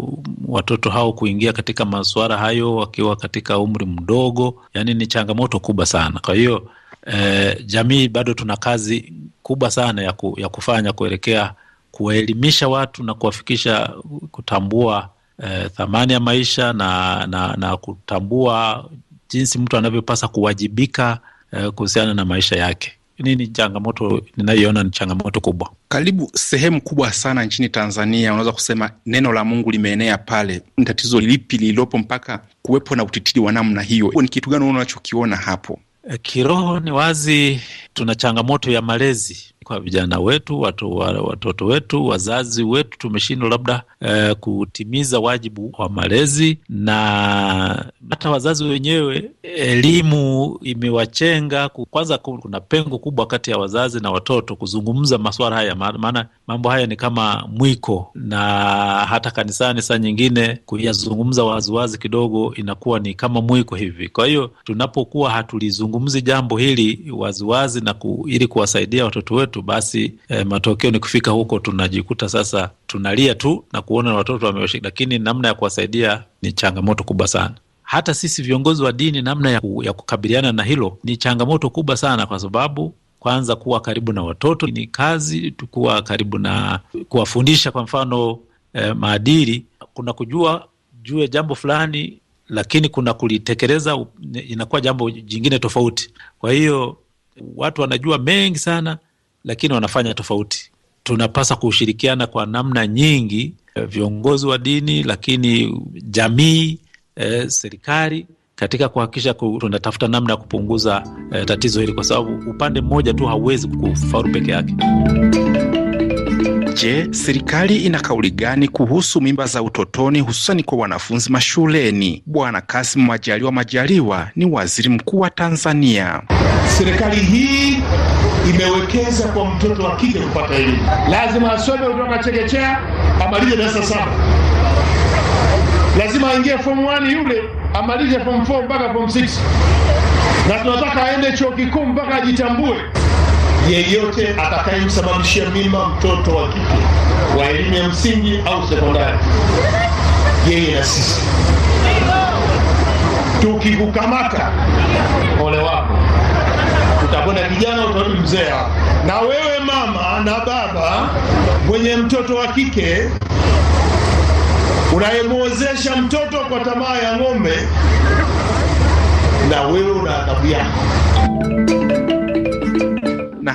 [SPEAKER 13] watoto hao kuingia katika masuala hayo wakiwa katika umri mdogo, yani ni changamoto kubwa sana. Kwa hiyo eh, jamii bado tuna kazi kubwa sana ya, ku, ya kufanya kuelekea kuwaelimisha watu na kuwafikisha kutambua eh, thamani ya maisha na, na, na kutambua jinsi mtu anavyopasa kuwajibika eh, kuhusiana na
[SPEAKER 5] maisha yake nini changamoto ninayoona ni changamoto kubwa? Karibu sehemu kubwa sana nchini Tanzania, unaweza kusema neno la Mungu limeenea pale. Ni tatizo lipi lililopo mpaka kuwepo na utitiri wa namna hiyo? Ni kitu gani unachokiona hapo?
[SPEAKER 13] Kiroho ni wazi, tuna changamoto ya malezi kwa vijana wetu, watu, watoto wetu, wazazi wetu tumeshindwa labda eh, kutimiza wajibu wa malezi, na hata wazazi wenyewe elimu imewachenga. Kwanza kuna pengo kubwa kati ya wazazi na watoto kuzungumza masuala haya, maana mambo haya ni kama mwiko, na hata kanisani saa nyingine kuyazungumza waziwazi kidogo inakuwa ni kama mwiko hivi. Kwa hiyo tunapokuwa hatulizungumzi jambo hili waziwazi na ku, ili kuwasaidia watoto wetu tu basi eh, matokeo ni kufika huko tunajikuta sasa tunalia tu na kuona watoto wamewashika, lakini namna ya kuwasaidia ni changamoto kubwa sana. Hata sisi viongozi wa dini, namna ya, ku, ya kukabiliana na hilo ni changamoto kubwa sana, kwa sababu kwanza kuwa karibu na watoto ni kazi, kuwa karibu na kuwafundisha kwa mfano eh, maadili, kuna kujua juu ya jambo fulani lakini kuna kulitekeleza inakuwa jambo jingine tofauti. Kwa hiyo watu wanajua mengi sana, lakini wanafanya tofauti. Tunapaswa kushirikiana kwa namna nyingi, eh, viongozi wa dini, lakini jamii, eh, serikali katika kuhakikisha tunatafuta namna ya kupunguza eh, tatizo hili, kwa sababu
[SPEAKER 5] upande mmoja tu hauwezi kufaulu peke yake. Je, serikali ina kauli gani kuhusu mimba za utotoni hususani kwa wanafunzi mashuleni? Bwana kasimu Majaliwa Majaliwa ni waziri mkuu wa Tanzania. Serikali hii imewekeza kwa mtoto wa kike kupata elimu, lazima asome kutoka chekechea amalize darasa saba, lazima aingie fomu 1 yule amalize fomu 4 mpaka fomu 6, na tunataka aende chuo kikuu mpaka ajitambue yeyote atakayemsababishia mimba mtoto wa kike wa elimu ya msingi au sekondari, yeye na sisi tukikukamata, ole wako. Utakwenda kijana, utarudi mzee. Na wewe mama na baba mwenye mtoto wa kike unayemwozesha mtoto kwa tamaa ya ng'ombe, na wewe una adhabu yako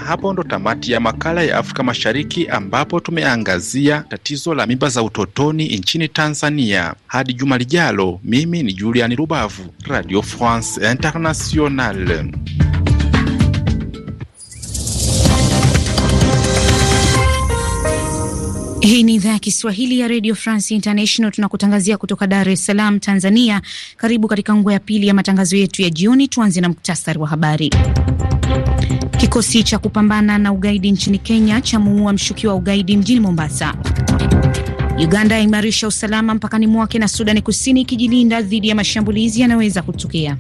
[SPEAKER 5] hapo ndo tamati ya makala ya Afrika Mashariki ambapo tumeangazia tatizo la mimba za utotoni nchini Tanzania. Hadi juma lijalo, mimi ni Julian Rubavu, Radio France Internationale.
[SPEAKER 1] Hii ni idhaa ya Kiswahili ya Radio France International. Tunakutangazia kutoka Dar es Salaam, Tanzania. Karibu katika nguo ya pili ya matangazo yetu ya jioni. Tuanze na muktasari wa habari. Kikosi cha kupambana na ugaidi nchini Kenya cha muua mshukiwa wa ugaidi mjini Mombasa. Uganda yaimarisha usalama mpakani mwake na Sudani Kusini ikijilinda dhidi ya mashambulizi yanayoweza kutokea.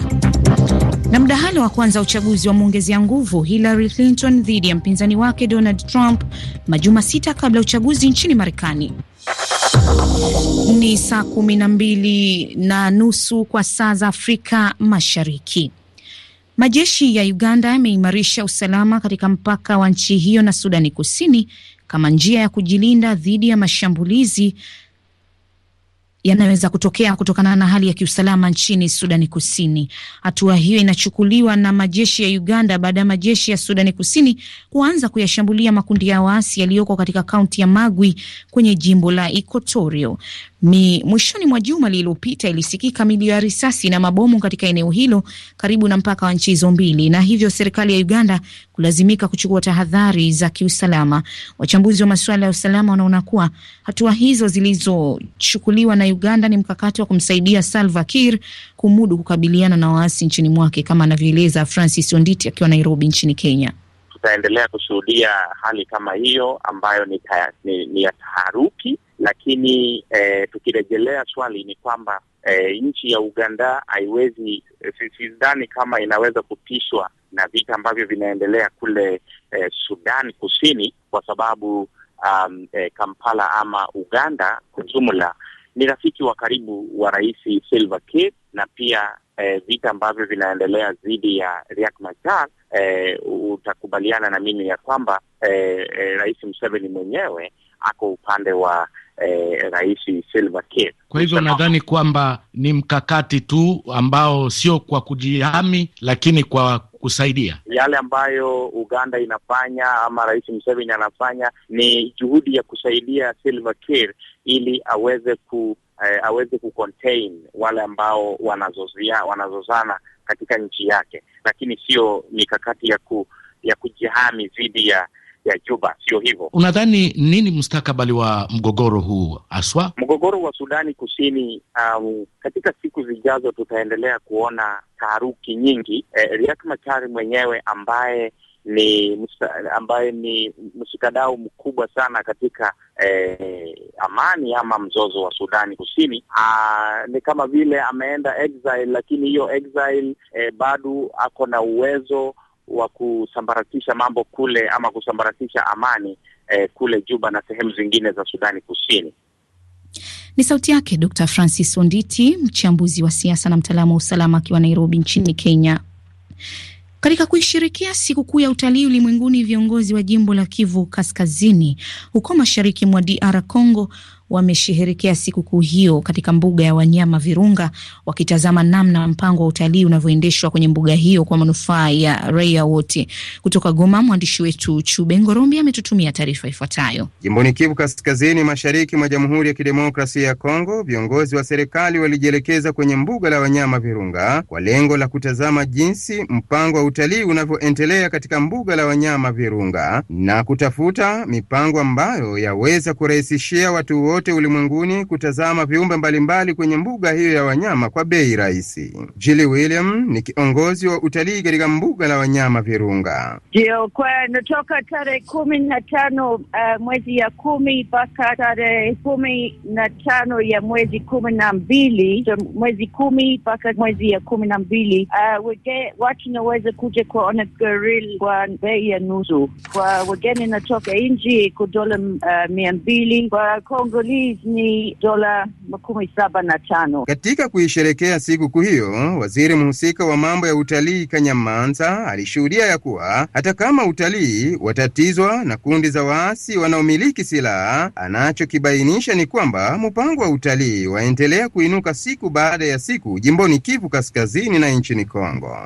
[SPEAKER 1] Na mdahalo wa kwanza uchaguzi wa mwongezea nguvu Hillary Clinton dhidi ya mpinzani wake Donald Trump majuma sita kabla ya uchaguzi nchini Marekani. Ni saa kumi na mbili na nusu kwa saa za Afrika Mashariki. Majeshi ya Uganda yameimarisha usalama katika mpaka wa nchi hiyo na Sudani Kusini kama njia ya kujilinda dhidi ya mashambulizi yanayoweza kutokea kutokana na hali ya kiusalama nchini Sudani Kusini. Hatua hiyo inachukuliwa na majeshi ya Uganda baada ya majeshi ya Sudani Kusini kuanza kuyashambulia makundi ya waasi yaliyoko katika kaunti ya Magwi kwenye jimbo la Equatorio ni mwishoni mwa juma lililopita ilisikika milio ya risasi na mabomu katika eneo hilo karibu na mpaka wa nchi hizo mbili, na hivyo serikali ya Uganda kulazimika kuchukua tahadhari za kiusalama. Wachambuzi wa masuala ya usalama wanaona kuwa hatua hizo zilizochukuliwa na Uganda ni mkakati wa kumsaidia Salva Kiir kumudu kukabiliana na waasi nchini mwake, kama anavyoeleza Francis Onditi akiwa Nairobi nchini
[SPEAKER 14] Kenya.
[SPEAKER 15] Tutaendelea kushuhudia hali kama hiyo ambayo ni, ni, ni ya taharuki lakini eh, tukirejelea swali ni kwamba eh, nchi ya Uganda haiwezi, eh, sidhani kama inaweza kutishwa na vita ambavyo vinaendelea kule eh, Sudan Kusini kwa sababu um, eh, Kampala ama Uganda kwa jumla ni rafiki wa karibu wa raisi Salva k na pia eh, vita ambavyo vinaendelea dhidi ya riak Machar eh, utakubaliana na mimi ya kwamba eh, eh, Rais mseveni mwenyewe ako upande wa eh, Rais Salva Kiir.
[SPEAKER 4] Kwa hivyo nadhani kwamba ni mkakati tu ambao sio kwa kujihami, lakini kwa kusaidia
[SPEAKER 15] yale ambayo Uganda inafanya ama Rais Museveni anafanya ni juhudi ya kusaidia Salva Kiir ili aweze ku eh, aweze kucontain wale ambao wanazozia, wanazozana katika nchi yake, lakini sio mikakati ya ku, ya kujihami dhidi ya ya Juba sio hivyo.
[SPEAKER 4] Unadhani nini mustakabali wa mgogoro huu haswa
[SPEAKER 15] mgogoro wa Sudani Kusini? Um, katika siku zijazo tutaendelea kuona taharuki nyingi. Eh, Riek Machar mwenyewe ambaye ni ambaye ni mshikadau mkubwa sana katika eh, amani ama mzozo wa Sudani Kusini. Aa, ah, ni kama vile ameenda exile, lakini hiyo exile eh, bado ako na uwezo wa kusambaratisha mambo kule ama kusambaratisha amani eh, kule Juba na sehemu zingine za Sudani Kusini.
[SPEAKER 1] Ni sauti yake Dr. Francis Onditi, mchambuzi wa siasa na mtaalamu wa usalama akiwa Nairobi nchini Kenya. Katika kuishirikia sikukuu ya utalii ulimwenguni, viongozi wa jimbo la Kivu Kaskazini huko mashariki mwa DR Congo wamesheherekea sikukuu hiyo katika mbuga ya wanyama Virunga, wakitazama namna mpango wa utalii unavyoendeshwa kwenye mbuga hiyo kwa manufaa ya raia wote. Kutoka Goma, mwandishi wetu Chube Ngorombi ametutumia taarifa ifuatayo.
[SPEAKER 16] Jimboni Kivu Kaskazini, mashariki mwa Jamhuri ya Kidemokrasia ya Kongo, viongozi wa serikali walijielekeza kwenye mbuga la wanyama Virunga kwa lengo la kutazama jinsi mpango wa utalii unavyoendelea katika mbuga la wanyama Virunga na kutafuta mipango ambayo yaweza kurahisishia watu wote kote ulimwenguni kutazama viumbe mbalimbali kwenye mbuga hiyo ya wanyama kwa bei rahisi. Jili William ni kiongozi wa utalii katika mbuga la wanyama Virunga.
[SPEAKER 9] Ndio natoka tarehe kumi na tano uh, mwezi ya kumi mpaka tarehe kumi na tano ya mwezi kumi na mbili so mwezi kumi mpaka mwezi ya kumi na mbili uh, wege, watu naweza kuja kuona goril kwa bei ya nusu, kwa wageni natoka nchi kudola uh, eh, mia mbili kwa Kongo Police ni dola makumi saba na tano.
[SPEAKER 16] Katika kuisherekea kuu hiyo, waziri mhusika wa mambo ya utalii Kanyamanza alishuhudia ya kuwa hata kama utalii watatizwa na kundi za waasi wanaomiliki silaha, anachokibainisha ni kwamba mpango wa utalii waendelea kuinuka siku baada ya siku jimboni Kivu Kaskazini na nchini Kongo.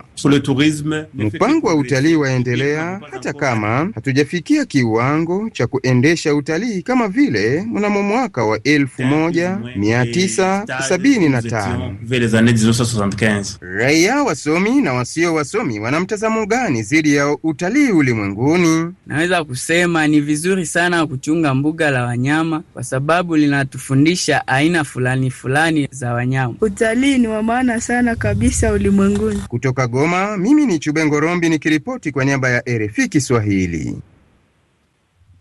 [SPEAKER 16] Mpango wa utalii waendelea hata kama hatujafikia kiwango cha kuendesha utalii kama vile mnamo mwaka wa 1975. Yaani Raia wasomi na wasio wasomi wana mtazamo gani dhidi ya utalii ulimwenguni? Naweza
[SPEAKER 12] kusema ni vizuri sana kuchunga
[SPEAKER 16] mbuga la wanyama
[SPEAKER 12] kwa sababu linatufundisha aina fulani fulani za wanyama.
[SPEAKER 16] Utalii ni wa maana sana kabisa ulimwenguni. Kutoka Goma, mimi ni chubengorombi nikiripoti kwa niaba ya RFI Kiswahili.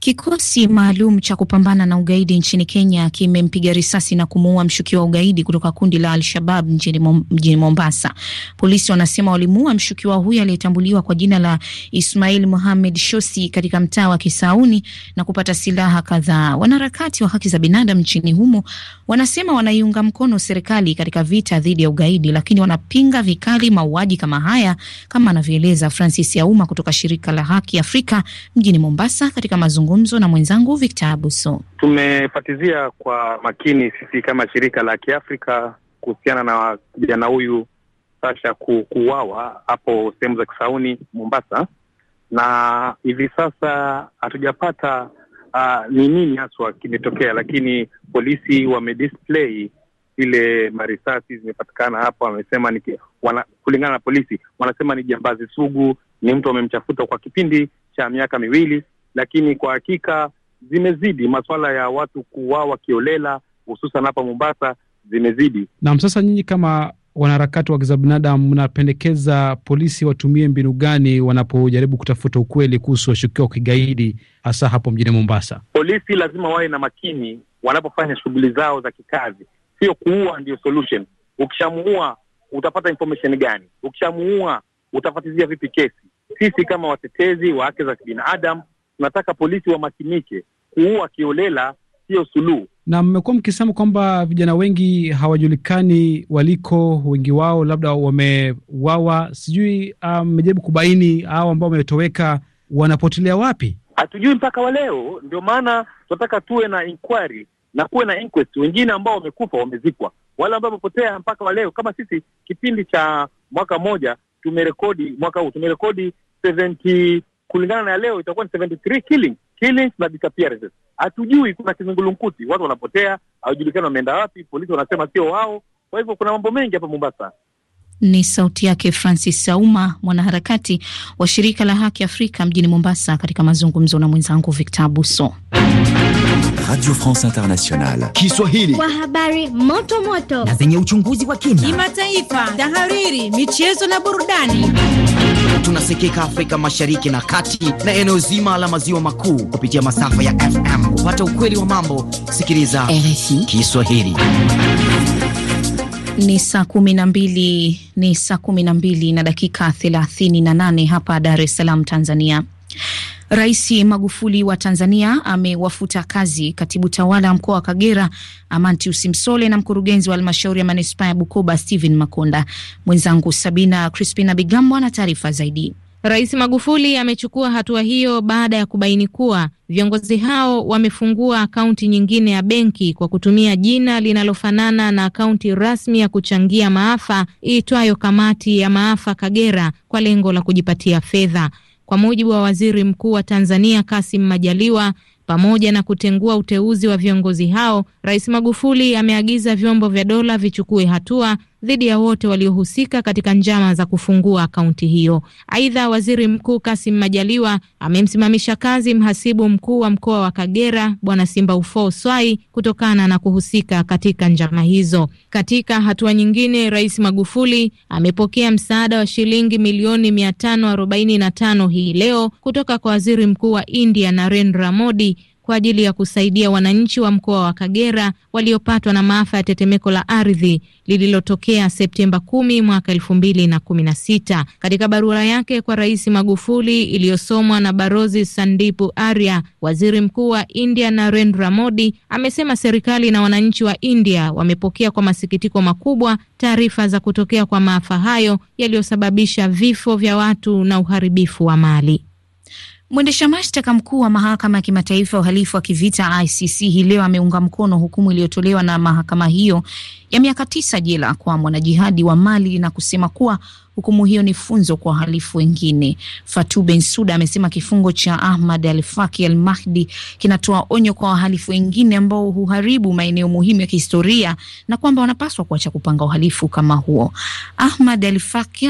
[SPEAKER 1] Kikosi maalum cha kupambana na ugaidi nchini Kenya kimempiga risasi na kumuua mshukiwa wa ugaidi kutoka kundi la Al-Shabab mjini Mombasa. Polisi wanasema walimuua mshukiwa huyo aliyetambuliwa kwa jina la Ismail Muhamed Shosi katika mtaa wa Kisauni na kupata silaha kadhaa. Wanaharakati wa haki za binadamu nchini humo wanasema wanaiunga mkono serikali katika vita dhidi ya ugaidi, lakini wanapinga vikali mauaji kama haya, kama anavyoeleza Francis Yauma kutoka shirika la Haki Afrika mjini Mombasa katika mazungumzo mazungumzo na mwenzangu Victor Abuso.
[SPEAKER 2] Tumefatizia kwa makini sisi kama shirika la Kiafrika kuhusiana na kijana huyu Sasha kuuawa hapo sehemu za Kisauni, Mombasa, na hivi sasa hatujapata ah, ni nini haswa kimetokea, lakini polisi wamedisplay zile marisasi zimepatikana hapo. Wamesema ni wana, kulingana na polisi wanasema ni jambazi sugu, ni mtu amemchafuta kwa kipindi cha miaka miwili lakini kwa hakika zimezidi. Masuala ya watu kuwawa kiolela, hususan hapa Mombasa, zimezidi.
[SPEAKER 8] Naam, sasa nyinyi kama wanaharakati wa haki za binadamu, mnapendekeza polisi watumie mbinu gani wanapojaribu kutafuta ukweli kuhusu washukiwa wa kigaidi, hasa hapo mjini Mombasa?
[SPEAKER 2] Polisi lazima wawe na makini wanapofanya shughuli zao za kikazi, sio kuua ndio solution. Ukishamuua utapata information gani? Ukishamuua utafatizia vipi kesi? Sisi kama watetezi wa haki za kibinadamu tunataka polisi wamakinike. Kuua kiolela sio suluhu.
[SPEAKER 8] Na mmekuwa mkisema kwamba vijana wengi hawajulikani waliko, wengi wao labda wamewawa, sijui ah, mmejaribu um, kubaini hao ambao wametoweka wanapotelea wapi,
[SPEAKER 2] hatujui mpaka wa leo. Ndio maana tunataka tuwe na inquiry na kuwe na inquest. Wengine ambao wamekufa wamezikwa, wale ambao wamepotea mpaka wa leo. Kama sisi kipindi cha mwaka mmoja tumerekodi, mwaka huu tumerekodi kulingana na leo itakuwa ni 73 killings, killings na disappearances. Hatujui, kuna kizungulunkuti, watu wanapotea, hawajulikani wameenda wapi, polisi wanasema sio wao. Kwa hivyo kuna mambo mengi hapa Mombasa.
[SPEAKER 1] Ni sauti yake Francis Sauma, mwanaharakati wa shirika la Haki Afrika mjini Mombasa, katika mazungumzo na mwenzangu Victor Buso.
[SPEAKER 14] Radio France Internationale Kiswahili kwa
[SPEAKER 12] habari moto moto na
[SPEAKER 14] zenye uchunguzi wa kina,
[SPEAKER 12] kimataifa, tahariri, michezo na burudani.
[SPEAKER 9] Tunasikika Afrika Mashariki na
[SPEAKER 1] Kati na eneo zima la maziwa makuu kupitia masafa ya FM. Kupata ukweli wa mambo,
[SPEAKER 14] sikiliza RFI Kiswahili.
[SPEAKER 1] Ni saa kumi na mbili ni saa kumi na mbili na dakika thelathini na nane hapa Dar es Salaam, Tanzania. Rais Magufuli wa Tanzania amewafuta kazi katibu tawala mkoa wa Kagera Amantius Msole na mkurugenzi wa halmashauri ya manispaa ya Bukoba stehen Makonda. Mwenzangu Sabina Crispina Bigambo ana taarifa zaidi.
[SPEAKER 17] Rais Magufuli amechukua hatua hiyo baada ya kubaini kuwa viongozi hao wamefungua akaunti nyingine ya benki kwa kutumia jina linalofanana na akaunti rasmi ya kuchangia maafa iitwayo Kamati ya Maafa Kagera kwa lengo la kujipatia fedha kwa mujibu wa waziri mkuu wa Tanzania Kasim Majaliwa. Pamoja na kutengua uteuzi wa viongozi hao, Rais Magufuli ameagiza vyombo vya dola vichukue hatua dhidi ya wote waliohusika katika njama za kufungua akaunti hiyo. Aidha, waziri mkuu Kasim Majaliwa amemsimamisha kazi mhasibu mkuu wa mkoa wa Kagera Bwana Simba Ufo Swai kutokana na kuhusika katika njama hizo. Katika hatua nyingine, Rais Magufuli amepokea msaada wa shilingi milioni 545 hii leo kutoka kwa waziri mkuu wa India Narendra Modi kwa ajili ya kusaidia wananchi wa mkoa wa Kagera waliopatwa na maafa ya tetemeko la ardhi lililotokea Septemba 10 mwaka 2016. Katika barua yake kwa Rais Magufuli iliyosomwa na Barozi Sandipu Arya, Waziri Mkuu wa India Narendra Modi amesema serikali na wananchi wa India wamepokea kwa masikitiko makubwa taarifa za kutokea kwa maafa hayo yaliyosababisha vifo vya watu na uharibifu wa mali. Mwendesha mashtaka mkuu wa mahakama ya kimataifa ya uhalifu wa kivita ICC hii leo ameunga
[SPEAKER 1] mkono hukumu iliyotolewa na mahakama hiyo ya miaka tisa jela kwa mwanajihadi wa Mali na kusema kuwa hukumu hiyo ni funzo kwa wahalifu wengine. Fatou Bensouda amesema kifungo cha Ahmad Al Faki Al Mahdi kinatoa onyo kwa wahalifu wengine ambao huharibu maeneo muhimu ya kihistoria na kwamba wanapaswa kuacha kupanga uhalifu kama huo. Ahmad Al Faki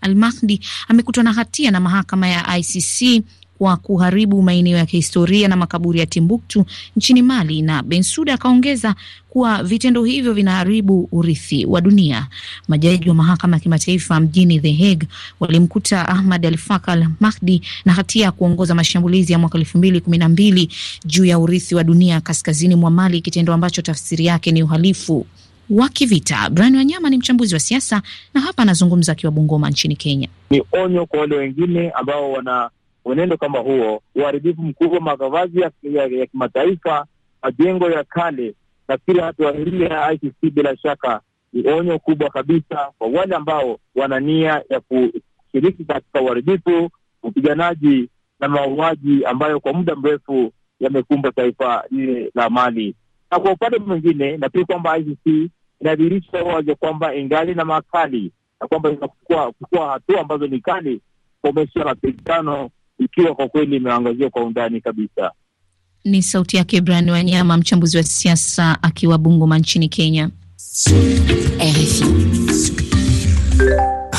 [SPEAKER 1] Al Mahdi amekutwa na hatia na mahakama ya ICC wa kuharibu maeneo ya kihistoria na makaburi ya Timbuktu nchini Mali, na Bensuda akaongeza kuwa vitendo hivyo vinaharibu urithi wa dunia. Majaji wa mahakama ya kimataifa mjini The Hague walimkuta Ahmad Al Fakal Mahdi na hatia ya kuongoza mashambulizi ya mwaka elfu mbili kumi na mbili juu ya urithi wa dunia kaskazini mwa Mali, kitendo ambacho tafsiri yake ni uhalifu wa kivita. Brian Wanyama ni mchambuzi wa siasa na hapa anazungumza akiwa Bungoma nchini Kenya.
[SPEAKER 2] Ni onyo kwa wale wengine ambao wana mwenendo kama huo, uharibifu mkubwa makavazi ya, ya, ya kimataifa, majengo ya kale. Nafikiri hatua hili ya ICC bila shaka ni onyo kubwa kabisa kwa wale ambao wana nia ya kushiriki katika uharibifu, upiganaji na mauaji ambayo kwa muda mrefu yamekumba taifa lile la Mali. Na kwa upande mwingine, nafikiri kwamba ICC inadhihirisha wazo kwamba ingali na makali na kwamba inachukua hatua ambazo ni kali kukomesha mapigano ikiwa kwa kweli imeangaziwa kwa undani kabisa.
[SPEAKER 1] Ni sauti yake Brian Wanyama, mchambuzi wa siasa akiwa Bungoma nchini Kenya.
[SPEAKER 5] RFI.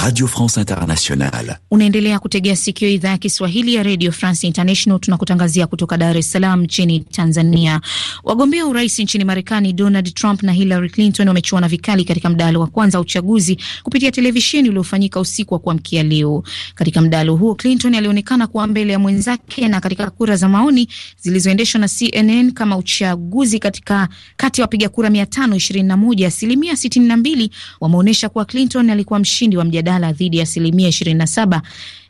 [SPEAKER 5] Radio France Internationale.
[SPEAKER 1] Unaendelea kutegea sikio idhaa ya Kiswahili ya Radio France International, tunakutangazia kutoka Dar es Salaam nchini Tanzania. Wagombea urais nchini Marekani, Donald Trump na Hillary Clinton wamechuana vikali katika mdahalo wa kwanza wa uchaguzi kupitia televisheni uliofanyika usiku wa kuamkia leo. Katika mdahalo huo, Clinton alionekana kuwa mbele ya mwenzake na katika kura za maoni zilizoendeshwa na CNN kama uchaguzi katika kati ya wapiga kura 521, asilimia 62 wameonyesha kuwa Clinton alikuwa mshindi wa mjadala Abdalla dhidi ya asilimia 27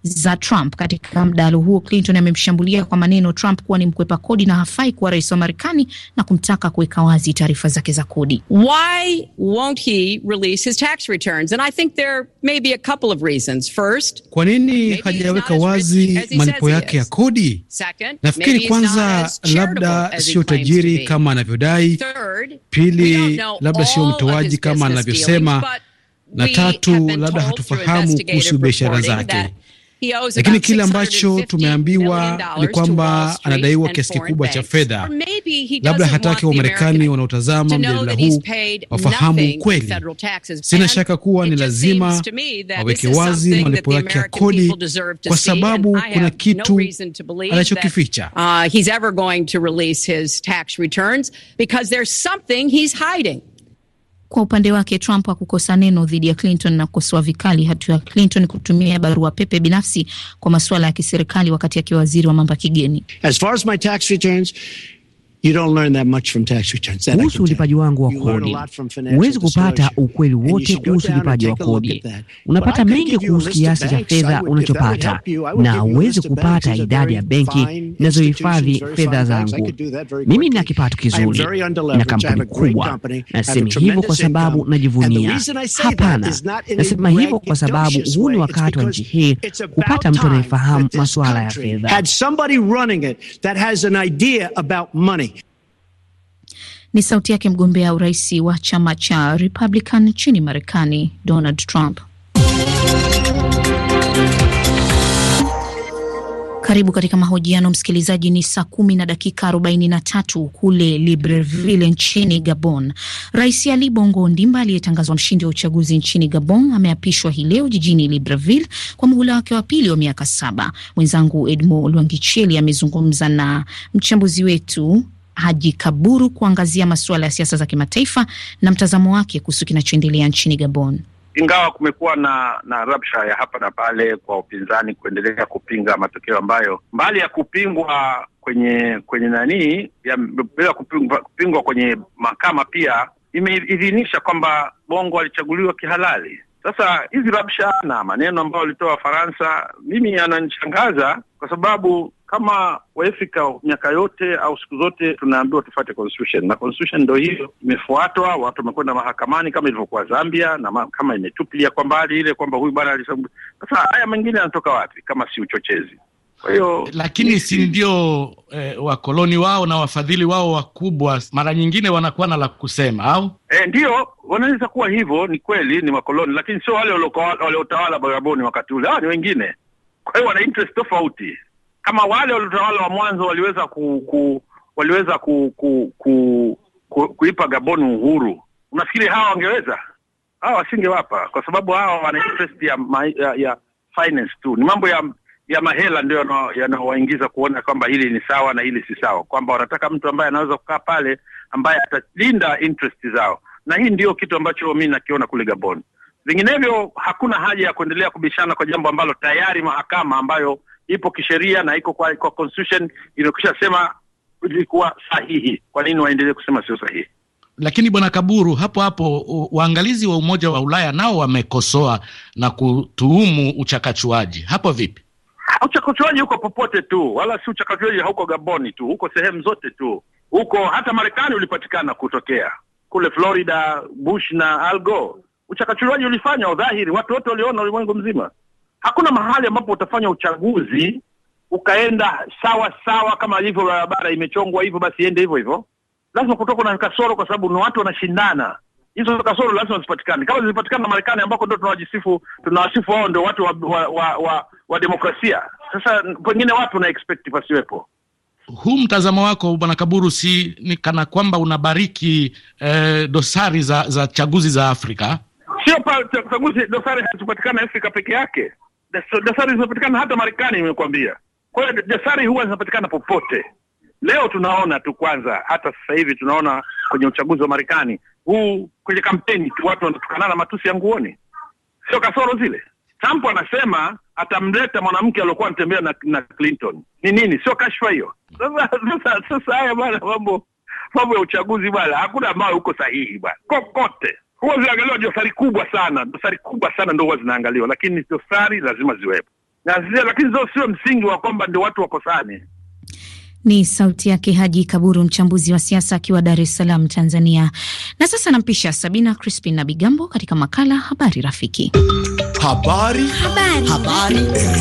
[SPEAKER 1] za Trump. Katika mdahalo huo, Clinton amemshambulia kwa maneno Trump kuwa ni mkwepa kodi na hafai kuwa rais wa Marekani na kumtaka kuweka wazi taarifa zake za kodi.
[SPEAKER 7] Why won't he release his tax returns? And I think there may be a couple of reasons. First, kwa nini hajaweka wazi malipo
[SPEAKER 8] yake ya kodi? Second, nafikiri kwanza, labda sio tajiri kama anavyodai.
[SPEAKER 7] Pili, labda sio mtoaji kama anavyosema na tatu, labda hatufahamu kuhusu biashara zake, lakini kile ambacho
[SPEAKER 8] tumeambiwa ni kwamba anadaiwa kiasi kikubwa cha fedha.
[SPEAKER 7] Labda hataki Wamarekani
[SPEAKER 8] wanaotazama mjadala huu wafahamu ukweli. Sina shaka kuwa ni lazima
[SPEAKER 6] waweke wazi malipo yake ya kodi, kwa sababu kuna kitu
[SPEAKER 8] anachokificha.
[SPEAKER 7] Uh,
[SPEAKER 1] kwa upande wake, Trump hakukosa neno dhidi ya Clinton na kukosoa vikali hatua ya Clinton kutumia barua pepe binafsi kwa masuala ya kiserikali wakati
[SPEAKER 6] akiwa waziri wa mambo ya kigeni. As far as my tax returns kuhusu ulipaji wangu wa kodi. Huwezi kupata ukweli wote kuhusu ulipaji wa
[SPEAKER 14] kodi.
[SPEAKER 9] Unapata mengi kuhusu kiasi cha fedha unachopata, na huwezi kupata idadi ya benki inazohifadhi fedha zangu. Mimi nina kipato kizuri
[SPEAKER 14] na kampuni kubwa, nasema hivyo kwa sababu
[SPEAKER 9] najivunia. Hapana,
[SPEAKER 6] nasema hivyo kwa sababu huu ni wakati wa nchi hii kupata mtu anayefahamu masuala ya
[SPEAKER 9] fedha.
[SPEAKER 1] Ni sauti yake mgombea urais wa chama cha Republican nchini Marekani, Donald Trump. Karibu katika mahojiano msikilizaji. Ni saa kumi na dakika arobaini na tatu kule Libreville nchini Gabon. Rais Ali Bongo Ndimba aliyetangazwa mshindi wa uchaguzi nchini Gabon ameapishwa hii leo jijini Libreville kwa muhula wake wa pili wa miaka saba. Mwenzangu Edmo Lwangicheli amezungumza na mchambuzi wetu Haji Kaburu kuangazia masuala ya siasa za kimataifa na mtazamo wake kuhusu kinachoendelea nchini Gabon.
[SPEAKER 2] Ingawa kumekuwa na na rabsha ya hapa na pale kwa upinzani kuendelea kupinga matokeo ambayo mbali ya kupingwa kwenye kwenye nanii bila kupingwa, kupingwa kwenye mahakama, pia imeidhinisha kwamba Bongo alichaguliwa kihalali. Sasa hizi rabsha na maneno ambayo walitoa Wafaransa mimi yananishangaza kwa sababu kama waefika miaka yote au siku zote tunaambiwa tufate constitution, na constitution ndio hiyo imefuatwa. Watu wamekwenda mahakamani kama ilivyokuwa Zambia, na kama imetupilia kwa mbali ile kwamba huyu bwana Sasa haya mengine yanatoka wapi kama si uchochezi? Kwa hiyo
[SPEAKER 4] lakini si ndio eh, wakoloni wao na wafadhili wao wakubwa mara nyingine wanakuwa na la kusema au?
[SPEAKER 2] E, ndio wanaweza kuwa hivyo, ni kweli, ni wakoloni, lakini sio wale waliotawala Bagaboni wakati ule. Hawa ni wengine, kwa hiyo wana interest tofauti kama wale walitawala wa mwanzo waliweza ku, ku waliweza ku, ku, ku, ku, kuipa Gabon uhuru, unafikiri hawa wangeweza? Hawa wasingewapa, kwa sababu hawa wana interest ya, ya, ya finance tu. Ni mambo ya ya mahela ndio yanawaingiza kuona kwamba hili ni sawa na hili si sawa, kwamba wanataka mtu ambaye anaweza kukaa pale ambaye atalinda interest zao, na hii ndio kitu ambacho mi nakiona kule Gabon. Vinginevyo hakuna haja ya kuendelea kubishana kwa jambo ambalo tayari mahakama ambayo ipo kisheria na iko kwa, kwa constitution inakisha sema ilikuwa sahihi. Kwa nini waendelee kusema sio sahihi?
[SPEAKER 4] Lakini bwana Kaburu, hapo hapo waangalizi wa Umoja wa Ulaya nao wamekosoa na kutuhumu uchakachuaji. Hapo vipi?
[SPEAKER 2] Uchakachuaji huko popote tu, wala si uchakachuaji huko Gaboni tu, huko sehemu zote tu, huko hata Marekani ulipatikana kutokea kule Florida, Bush na algo Uchakachuaji ulifanywa dhahiri, watu wote waliona, ulimwengu mzima. Hakuna mahali ambapo utafanya uchaguzi ukaenda sawa sawa kama alivyo barabara imechongwa hivyo, basi iende hivyo hivyo. Lazima kutoka na kasoro, kwa sababu ni watu wanashindana. Hizo kasoro lazima zipatikane, kama zilipatikana Marekani ambako ndo tunawajisifu tunawasifu wao ndio watu wa, wa, wa, wa, wa demokrasia. Sasa pengine watu na expect pasiwepo.
[SPEAKER 4] Huu mtazamo wako Bwana Kaburu, si ni kana kwamba unabariki eh, dosari za, za chaguzi za Afrika?
[SPEAKER 2] Sio chaguzi, dosari hazipatikana Afrika peke yake. Dasari zinapatikana hata Marekani, imekuambia. Kwa hiyo dasari huwa zinapatikana popote. Leo tunaona tu kwanza, hata sasa hivi tunaona kwenye uchaguzi wa Marekani huu, kwenye kampeni tu watu wanatukanana na matusi ya nguoni, sio kasoro zile. Trump anasema atamleta mwanamke aliokuwa anatembea na, na Clinton. Ni nini? Sio kashfa hiyo? Sasa sasa sasa haya bwana, mambo mambo ya uchaguzi bwana, hakuna ambayo uko sahihi bwana, kokote huwa zinaangaliwa dosari kubwa sana, dosari kubwa sana ndo huwa zinaangaliwa, lakini dosari lazima ziwepo na zile, lakini zo sio msingi wa kwamba ndio watu
[SPEAKER 14] wakosane.
[SPEAKER 1] Ni sauti yake Haji Kaburu, mchambuzi wa siasa akiwa Dar es Salaam, Tanzania. Na sasa nampisha Sabina Crispin na Bigambo katika makala Habari Rafiki.
[SPEAKER 4] Habari. Habari. Habari. Habari.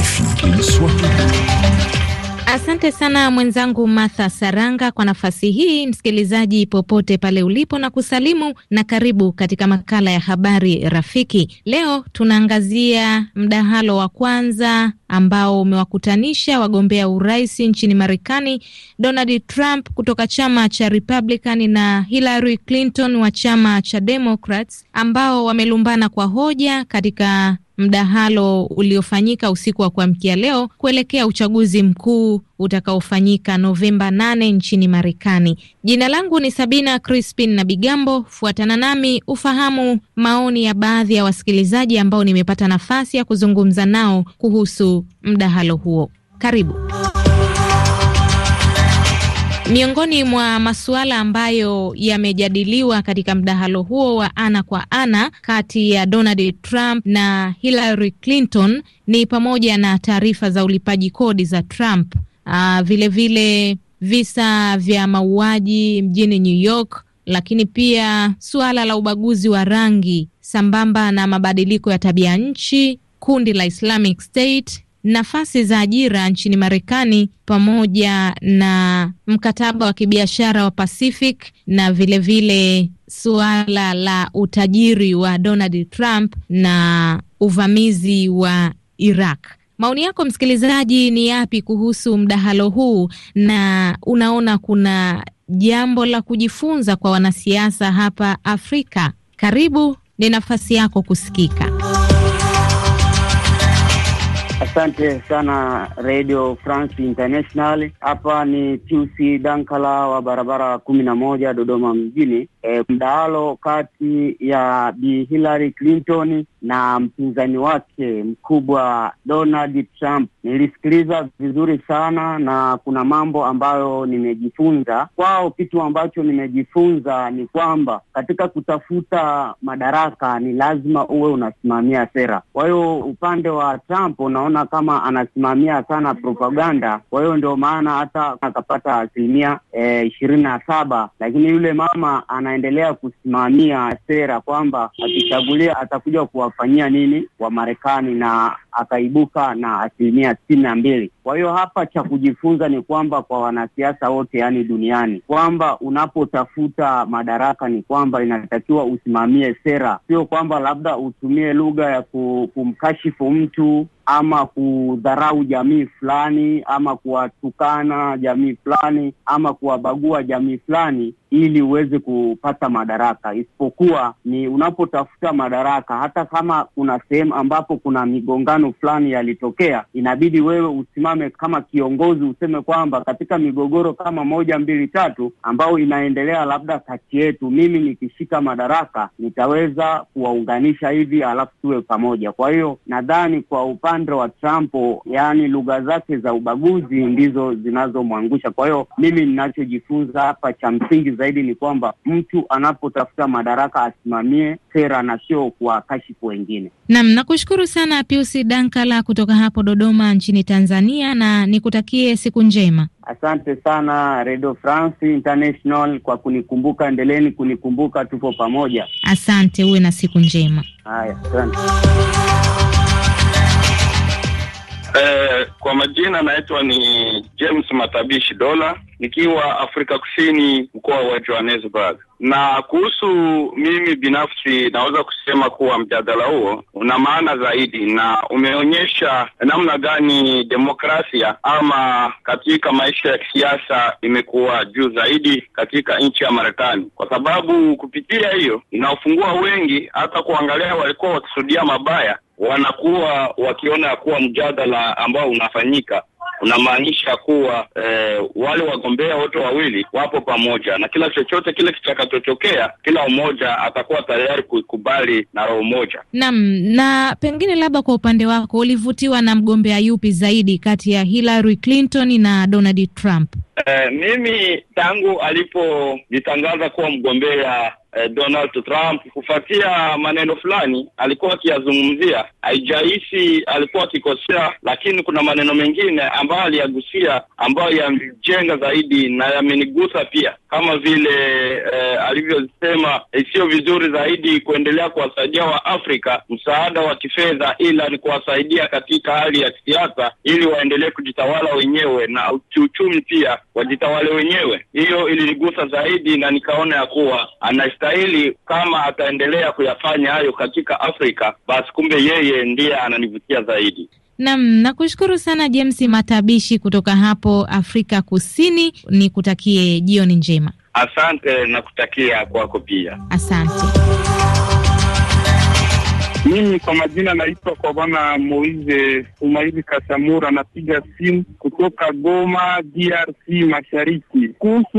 [SPEAKER 17] Asante sana mwenzangu Martha Saranga kwa nafasi hii. Msikilizaji popote pale ulipo, na kusalimu na karibu katika makala ya habari rafiki. Leo tunaangazia mdahalo wa kwanza ambao umewakutanisha wagombea urais nchini Marekani, Donald Trump kutoka chama cha Republican na Hillary Clinton wa chama cha Democrats, ambao wamelumbana kwa hoja katika mdahalo uliofanyika usiku wa kuamkia leo kuelekea uchaguzi mkuu utakaofanyika Novemba 8 nchini Marekani. Jina langu ni Sabina Crispin na Bigambo. Fuatana nami ufahamu maoni ya baadhi ya wasikilizaji ambao nimepata nafasi ya kuzungumza nao kuhusu mdahalo huo. Karibu. Miongoni mwa masuala ambayo yamejadiliwa katika mdahalo huo wa ana kwa ana kati ya Donald Trump na Hillary Clinton ni pamoja na taarifa za ulipaji kodi za Trump, vilevile ah, vile visa vya mauaji mjini New York, lakini pia suala la ubaguzi wa rangi sambamba na mabadiliko ya tabia nchi, kundi la Islamic State nafasi za ajira nchini Marekani pamoja na mkataba wa kibiashara wa Pacific na vilevile suala la utajiri wa Donald Trump na uvamizi wa Iraq. Maoni yako msikilizaji ni yapi kuhusu mdahalo huu, na unaona kuna jambo la kujifunza kwa wanasiasa hapa Afrika? Karibu, ni nafasi yako kusikika.
[SPEAKER 9] Asante sana Radio France International. Hapa ni TC Dankala wa barabara kumi na moja Dodoma mjini. E, mdahalo kati ya Bi Hillary Clinton na mpinzani wake mkubwa Donald Trump. Nilisikiliza vizuri sana na kuna mambo ambayo nimejifunza kwao. Kitu ambacho nimejifunza ni kwamba katika kutafuta madaraka ni lazima uwe unasimamia sera. Kwa hiyo upande wa Trump unaona kama anasimamia sana propaganda, kwa hiyo ndio maana hata akapata asilimia eh, ishirini na saba, lakini yule mama anaendelea kusimamia sera kwamba akichagulia atakuja kuwa kuwafanyia nini wa marekani na akaibuka na asilimia sitini na mbili. Kwa hiyo hapa cha kujifunza ni kwamba kwa wanasiasa wote, yaani duniani, kwamba unapotafuta madaraka ni kwamba inatakiwa usimamie sera, sio kwamba labda utumie lugha ya kumkashifu mtu ama kudharau jamii fulani ama kuwatukana jamii fulani ama kuwabagua jamii fulani ili uweze kupata madaraka, isipokuwa ni unapotafuta madaraka, hata kama kuna sehemu ambapo kuna migongano fulani yalitokea, inabidi wewe usimame kama kiongozi, useme kwamba katika migogoro kama moja mbili tatu ambayo inaendelea labda kati yetu, mimi nikishika madaraka nitaweza kuwaunganisha hivi, alafu tuwe pamoja. Kwa hiyo nadhani kwa upande wa Trump, yaani lugha zake za ubaguzi ndizo zinazomwangusha. Kwa hiyo mimi ninachojifunza hapa cha msingi zaidi ni kwamba mtu anapotafuta madaraka asimamie sera na sio kwa kashifu wengine.
[SPEAKER 17] Nam, nakushukuru sana Piusi Dankala kutoka hapo Dodoma nchini Tanzania, na nikutakie siku njema.
[SPEAKER 9] Asante sana Radio France International kwa kunikumbuka. Endeleni kunikumbuka, tupo pamoja.
[SPEAKER 17] Asante, uwe na siku njema.
[SPEAKER 9] Haya, asante.
[SPEAKER 2] Eh, kwa majina naitwa ni James Matabishi Dola nikiwa Afrika Kusini mkoa wa Johannesburg. Na kuhusu mimi binafsi, naweza kusema kuwa mjadala huo una maana zaidi na umeonyesha namna gani demokrasia ama katika maisha ya kisiasa imekuwa juu zaidi katika nchi ya Marekani, kwa sababu kupitia hiyo inaofungua wengi hata kuangalia walikuwa wakisudia mabaya wanakuwa wakiona ya kuwa mjadala ambao unafanyika unamaanisha kuwa eh, wale wagombea wote wawili wapo pamoja, na kila chochote kile kitakachotokea, kila umoja atakuwa tayari kuikubali na roho moja.
[SPEAKER 17] Naam, na pengine labda kwa upande wako ulivutiwa na mgombea yupi zaidi kati ya Hillary Clinton na Donald Trump?
[SPEAKER 2] Eh, mimi tangu alipojitangaza kuwa mgombea eh, Donald Trump kufuatia maneno fulani alikuwa akiyazungumzia. Haijaishi alikuwa akikosea, lakini kuna maneno mengine ambayo aliyagusia ambayo yamjenga zaidi na yamenigusa pia, kama vile eh, alivyosema isiyo eh, vizuri zaidi kuendelea kuwasaidia wa Afrika msaada wa kifedha, ila ni kuwasaidia katika hali ya kisiasa ili waendelee kujitawala wenyewe na kiuchumi pia wajitawale wenyewe. Hiyo ilinigusa zaidi na nikaona ya kuwa ana anastahili kama ataendelea kuyafanya hayo katika Afrika, basi kumbe yeye ndiye ananivutia zaidi.
[SPEAKER 17] Nam, nakushukuru sana James Matabishi kutoka hapo Afrika Kusini, nikutakie jioni njema.
[SPEAKER 2] Asante, nakutakia kwako pia,
[SPEAKER 17] asante.
[SPEAKER 2] Mimi kwa majina naitwa kwa bwana moise Umairi Kasamura, napiga simu kutoka Goma, DRC mashariki, kuhusu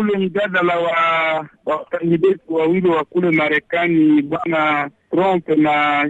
[SPEAKER 2] ule mjadala wa wakandideti wawili wa kule Marekani, bwana Trump na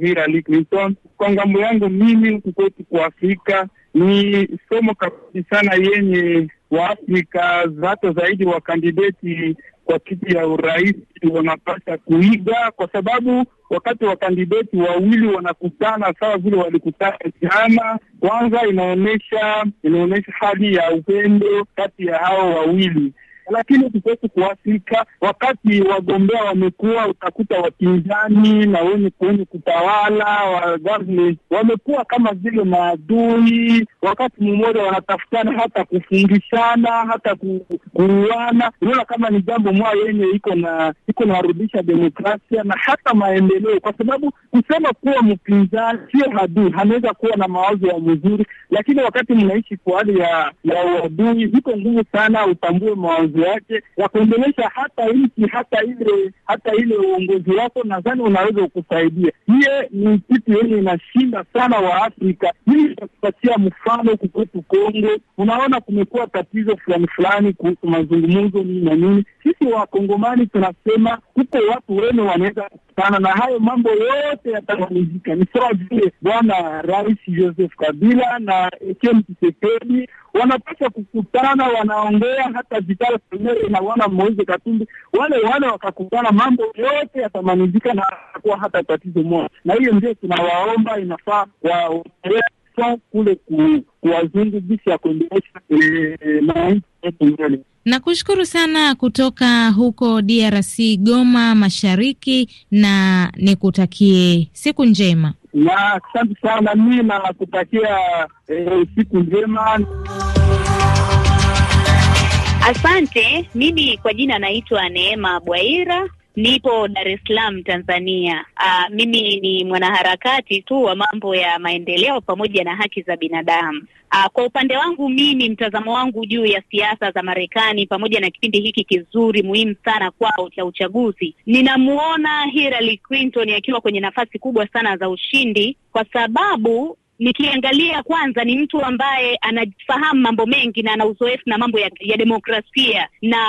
[SPEAKER 2] Hillary Clinton. Kwa ngambo yangu mimi, huku kwetu kwa Afrika ni somo kabisa sana yenye Waafrika hata zaidi wakandideti kwa kiti ya urais wanapasha kuiga, kwa sababu wakati wa kandideti wawili wanakutana sawa vile walikutana jana, kwanza inaonyesha inaonyesha hali ya upendo kati ya hao wawili lakini tusiwezi kuwasika wakati wagombea wamekuwa, utakuta wapinzani na wenye kwenye kutawala wagavni wamekuwa kama vile maadui, wakati mmoja wanatafutana hata kufundishana hata kuuana. Unaona kama ni jambo mwa yenye iko na iko narudisha demokrasia na hata maendeleo, kwa sababu kusema kuwa mpinzani sio adui, anaweza kuwa na mawazo ya mzuri, lakini wakati mnaishi kwa hali ya ya uadui, iko ngumu sana utambue mawazo uongozi wake ya kuendelesha hata nchi hata ile hata ile uongozi wako, nadhani unaweza ukusaidia. Hiye ni kitu yenye inashinda sana wa Afrika. Hii itakupatia mfano kukwetu Kongo. Unaona, kumekuwa tatizo fulani fulani kuhusu mazungumzo nini na nini. Sisi Wakongomani tunasema huko watu wenu wanaweza kukutana na hayo mambo yote yatamalizika, ni sawa vile bwana Rais Joseph Kabila na Etienne Tshisekedi wanapaswa kukutana, wanaongea hata Vital Kamerhe na wana Moise Katumbi, wale wale wakakutana, mambo yote yatamanizika na kuwa hata tatizo moja. Na hiyo ndio tunawaomba, inafaa wa kule kuwazungu jinsi ya kuendelesha eh, maisha
[SPEAKER 17] Nakushukuru sana kutoka huko DRC Goma Mashariki, na nikutakie siku njema
[SPEAKER 2] na asante sana. Mimi nakutakia eh, siku njema.
[SPEAKER 7] Asante. Mimi kwa jina naitwa Neema Bwaira, nipo Dar es Salaam, Tanzania. Aa, ah, mimi ni mwanaharakati tu wa mambo ya maendeleo pamoja na haki za binadamu. Aa, ah, kwa upande wangu mimi, mtazamo wangu juu ya siasa za Marekani pamoja na kipindi hiki kizuri muhimu sana kwao cha uchaguzi, ninamuona Hillary Clinton akiwa kwenye nafasi kubwa sana za ushindi, kwa sababu nikiangalia kwanza, ni mtu ambaye anafahamu mambo mengi na ana uzoefu na mambo ya, ya demokrasia na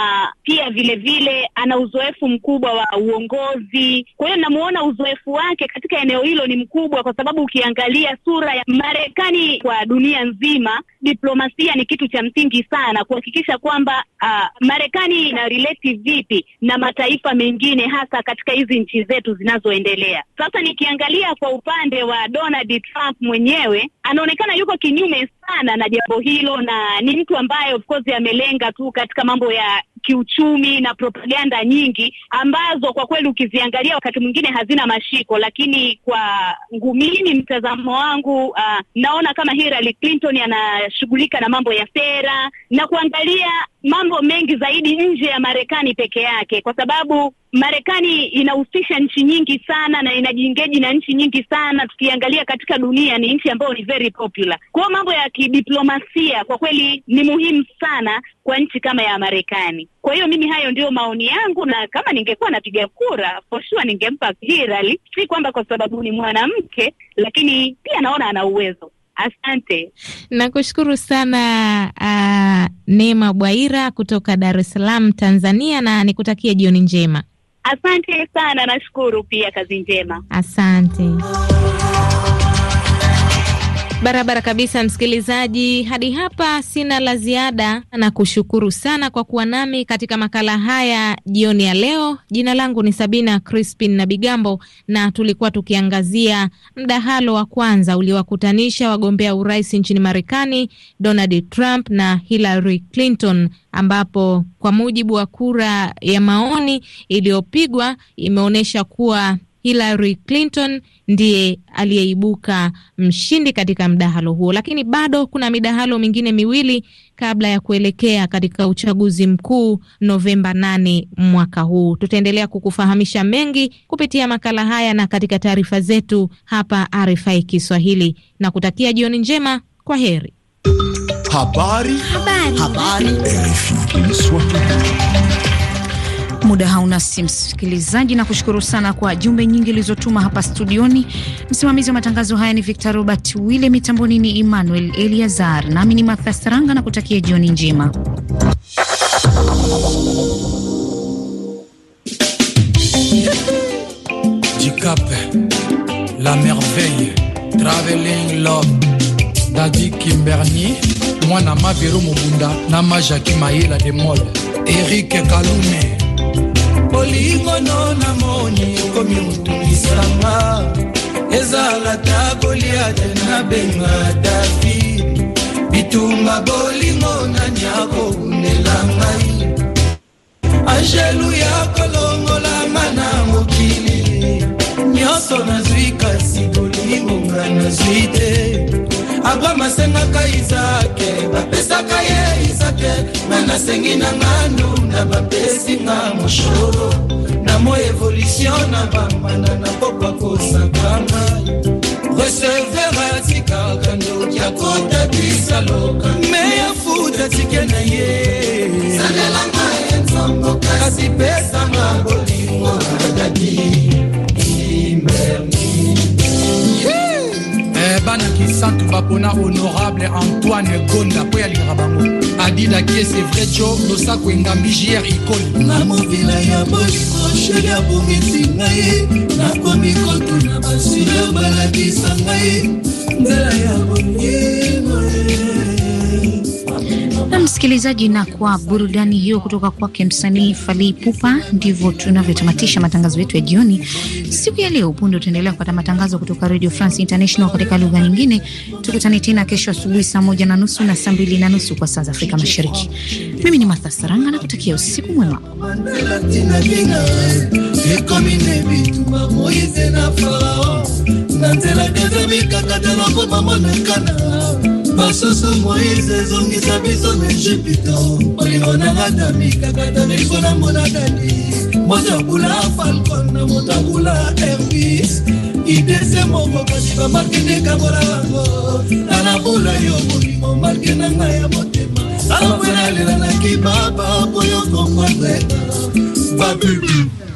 [SPEAKER 7] pia vile vile ana uzoefu mkubwa wa uongozi. Kwa hiyo namuona uzoefu wake katika eneo hilo ni mkubwa, kwa sababu ukiangalia sura ya Marekani kwa dunia nzima diplomasia ni kitu cha msingi sana kuhakikisha kwamba uh, Marekani ina relate vipi na mataifa mengine hasa katika hizi nchi zetu zinazoendelea. Sasa nikiangalia kwa upande wa Donald Trump mwenyewe anaonekana yuko kinyume sana na jambo hilo, na ni mtu ambaye of course amelenga tu katika mambo ya kiuchumi na propaganda nyingi ambazo kwa kweli ukiziangalia wakati mwingine hazina mashiko, lakini kwa ngumini, mtazamo wangu uh, naona kama Hillary Clinton anashughulika na mambo ya sera na kuangalia mambo mengi zaidi nje ya Marekani peke yake, kwa sababu Marekani inahusisha nchi nyingi sana na inajiengeji na nchi nyingi sana. Tukiangalia katika dunia, ni nchi ambayo ni very popular. Kwa hiyo mambo ya kidiplomasia kwa kweli ni muhimu sana kwa nchi kama ya Marekani. Kwa hiyo mimi, hayo ndiyo maoni yangu, na kama ningekuwa napiga kura, for sure ningempa Hillary, si kwamba kwa sababu ni mwanamke, lakini pia naona ana uwezo.
[SPEAKER 17] Asante, nakushukuru sana uh, Neema Bwaira kutoka Dar es Salaam, Tanzania, na nikutakie jioni njema. Asante sana, nashukuru pia, kazi njema, asante. Barabara kabisa, msikilizaji. Hadi hapa sina la ziada na kushukuru sana kwa kuwa nami katika makala haya jioni ya leo. Jina langu ni Sabina Crispin na Bigambo, na tulikuwa tukiangazia mdahalo wa kwanza uliowakutanisha wagombea urais nchini Marekani, Donald Trump na Hillary Clinton, ambapo kwa mujibu wa kura ya maoni iliyopigwa imeonyesha kuwa Hillary Clinton ndiye aliyeibuka mshindi katika mdahalo huo, lakini bado kuna midahalo mingine miwili kabla ya kuelekea katika uchaguzi mkuu Novemba 8 mwaka huu. Tutaendelea kukufahamisha mengi kupitia makala haya na katika taarifa zetu hapa RFI Kiswahili, na kutakia jioni njema. Kwa heri.
[SPEAKER 6] Habari.
[SPEAKER 4] Habari. Habari. Habari.
[SPEAKER 17] Muda
[SPEAKER 1] hauna si msikilizaji, na kushukuru sana kwa jumbe nyingi ulizotuma hapa studioni. Msimamizi wa matangazo haya ni Victor Robert wille mitamboni ni Emmanuel Eliazar, nami ni Martha Saranga na kutakia jioni njema.
[SPEAKER 14] Jikape, la merveille, traveling love, Daddy Kimberni, mwana Mabiru Mubunda na majaki Kimaila de Mole, Eric Kalume bolingono namoni ekomi motukisanga ezala ta goliate nabenga davi bitumba bolingo nani akobundela ngai angelu ya kolongolanga na mokili nyonso nazwi kasi bolingonga nazwi te abwa masengaka izake bapesaka ye nga nasengi na ngandu na bapesi nga moshoro na mo evolutio na bambanda na pokwa kosakama reserver atikaka ndoki akota bisaloka me afuta atike na ye salelanga ye nzambo kasi pesanga bolingo adadi bana kisantu bapona honorable antoine gonda A dit bango adidaki vrai jo losako engambi jr ikoli na mobila ya bolingo sheli abongisi ngai nakomi kotuna na basile ngai nzela ya bolingo
[SPEAKER 1] na msikilizaji, na kwa burudani hiyo kutoka kwake msanii Fally pupa ndivyo tunavyotamatisha matangazo yetu ya jioni siku ya leo. Punde utaendelea kupata matangazo kutoka Radio France International katika lugha nyingine. Tukutane tena kesho asubuhi saa moja na nusu na saa mbili na nusu kwa saa za Afrika Mashariki. Mimi ni Martha Saranga nakutakia usiku mwema.
[SPEAKER 14] basusu moise ezongisa biso na ejipito olingo nanga damikaka damiko na monadani moto akula falcon na moto akula hervis idese moko kadiba makende kabola bango nanabula yo molimo make na ngai ya motema alobwenalela na kibaba po yo kokwandreka babibi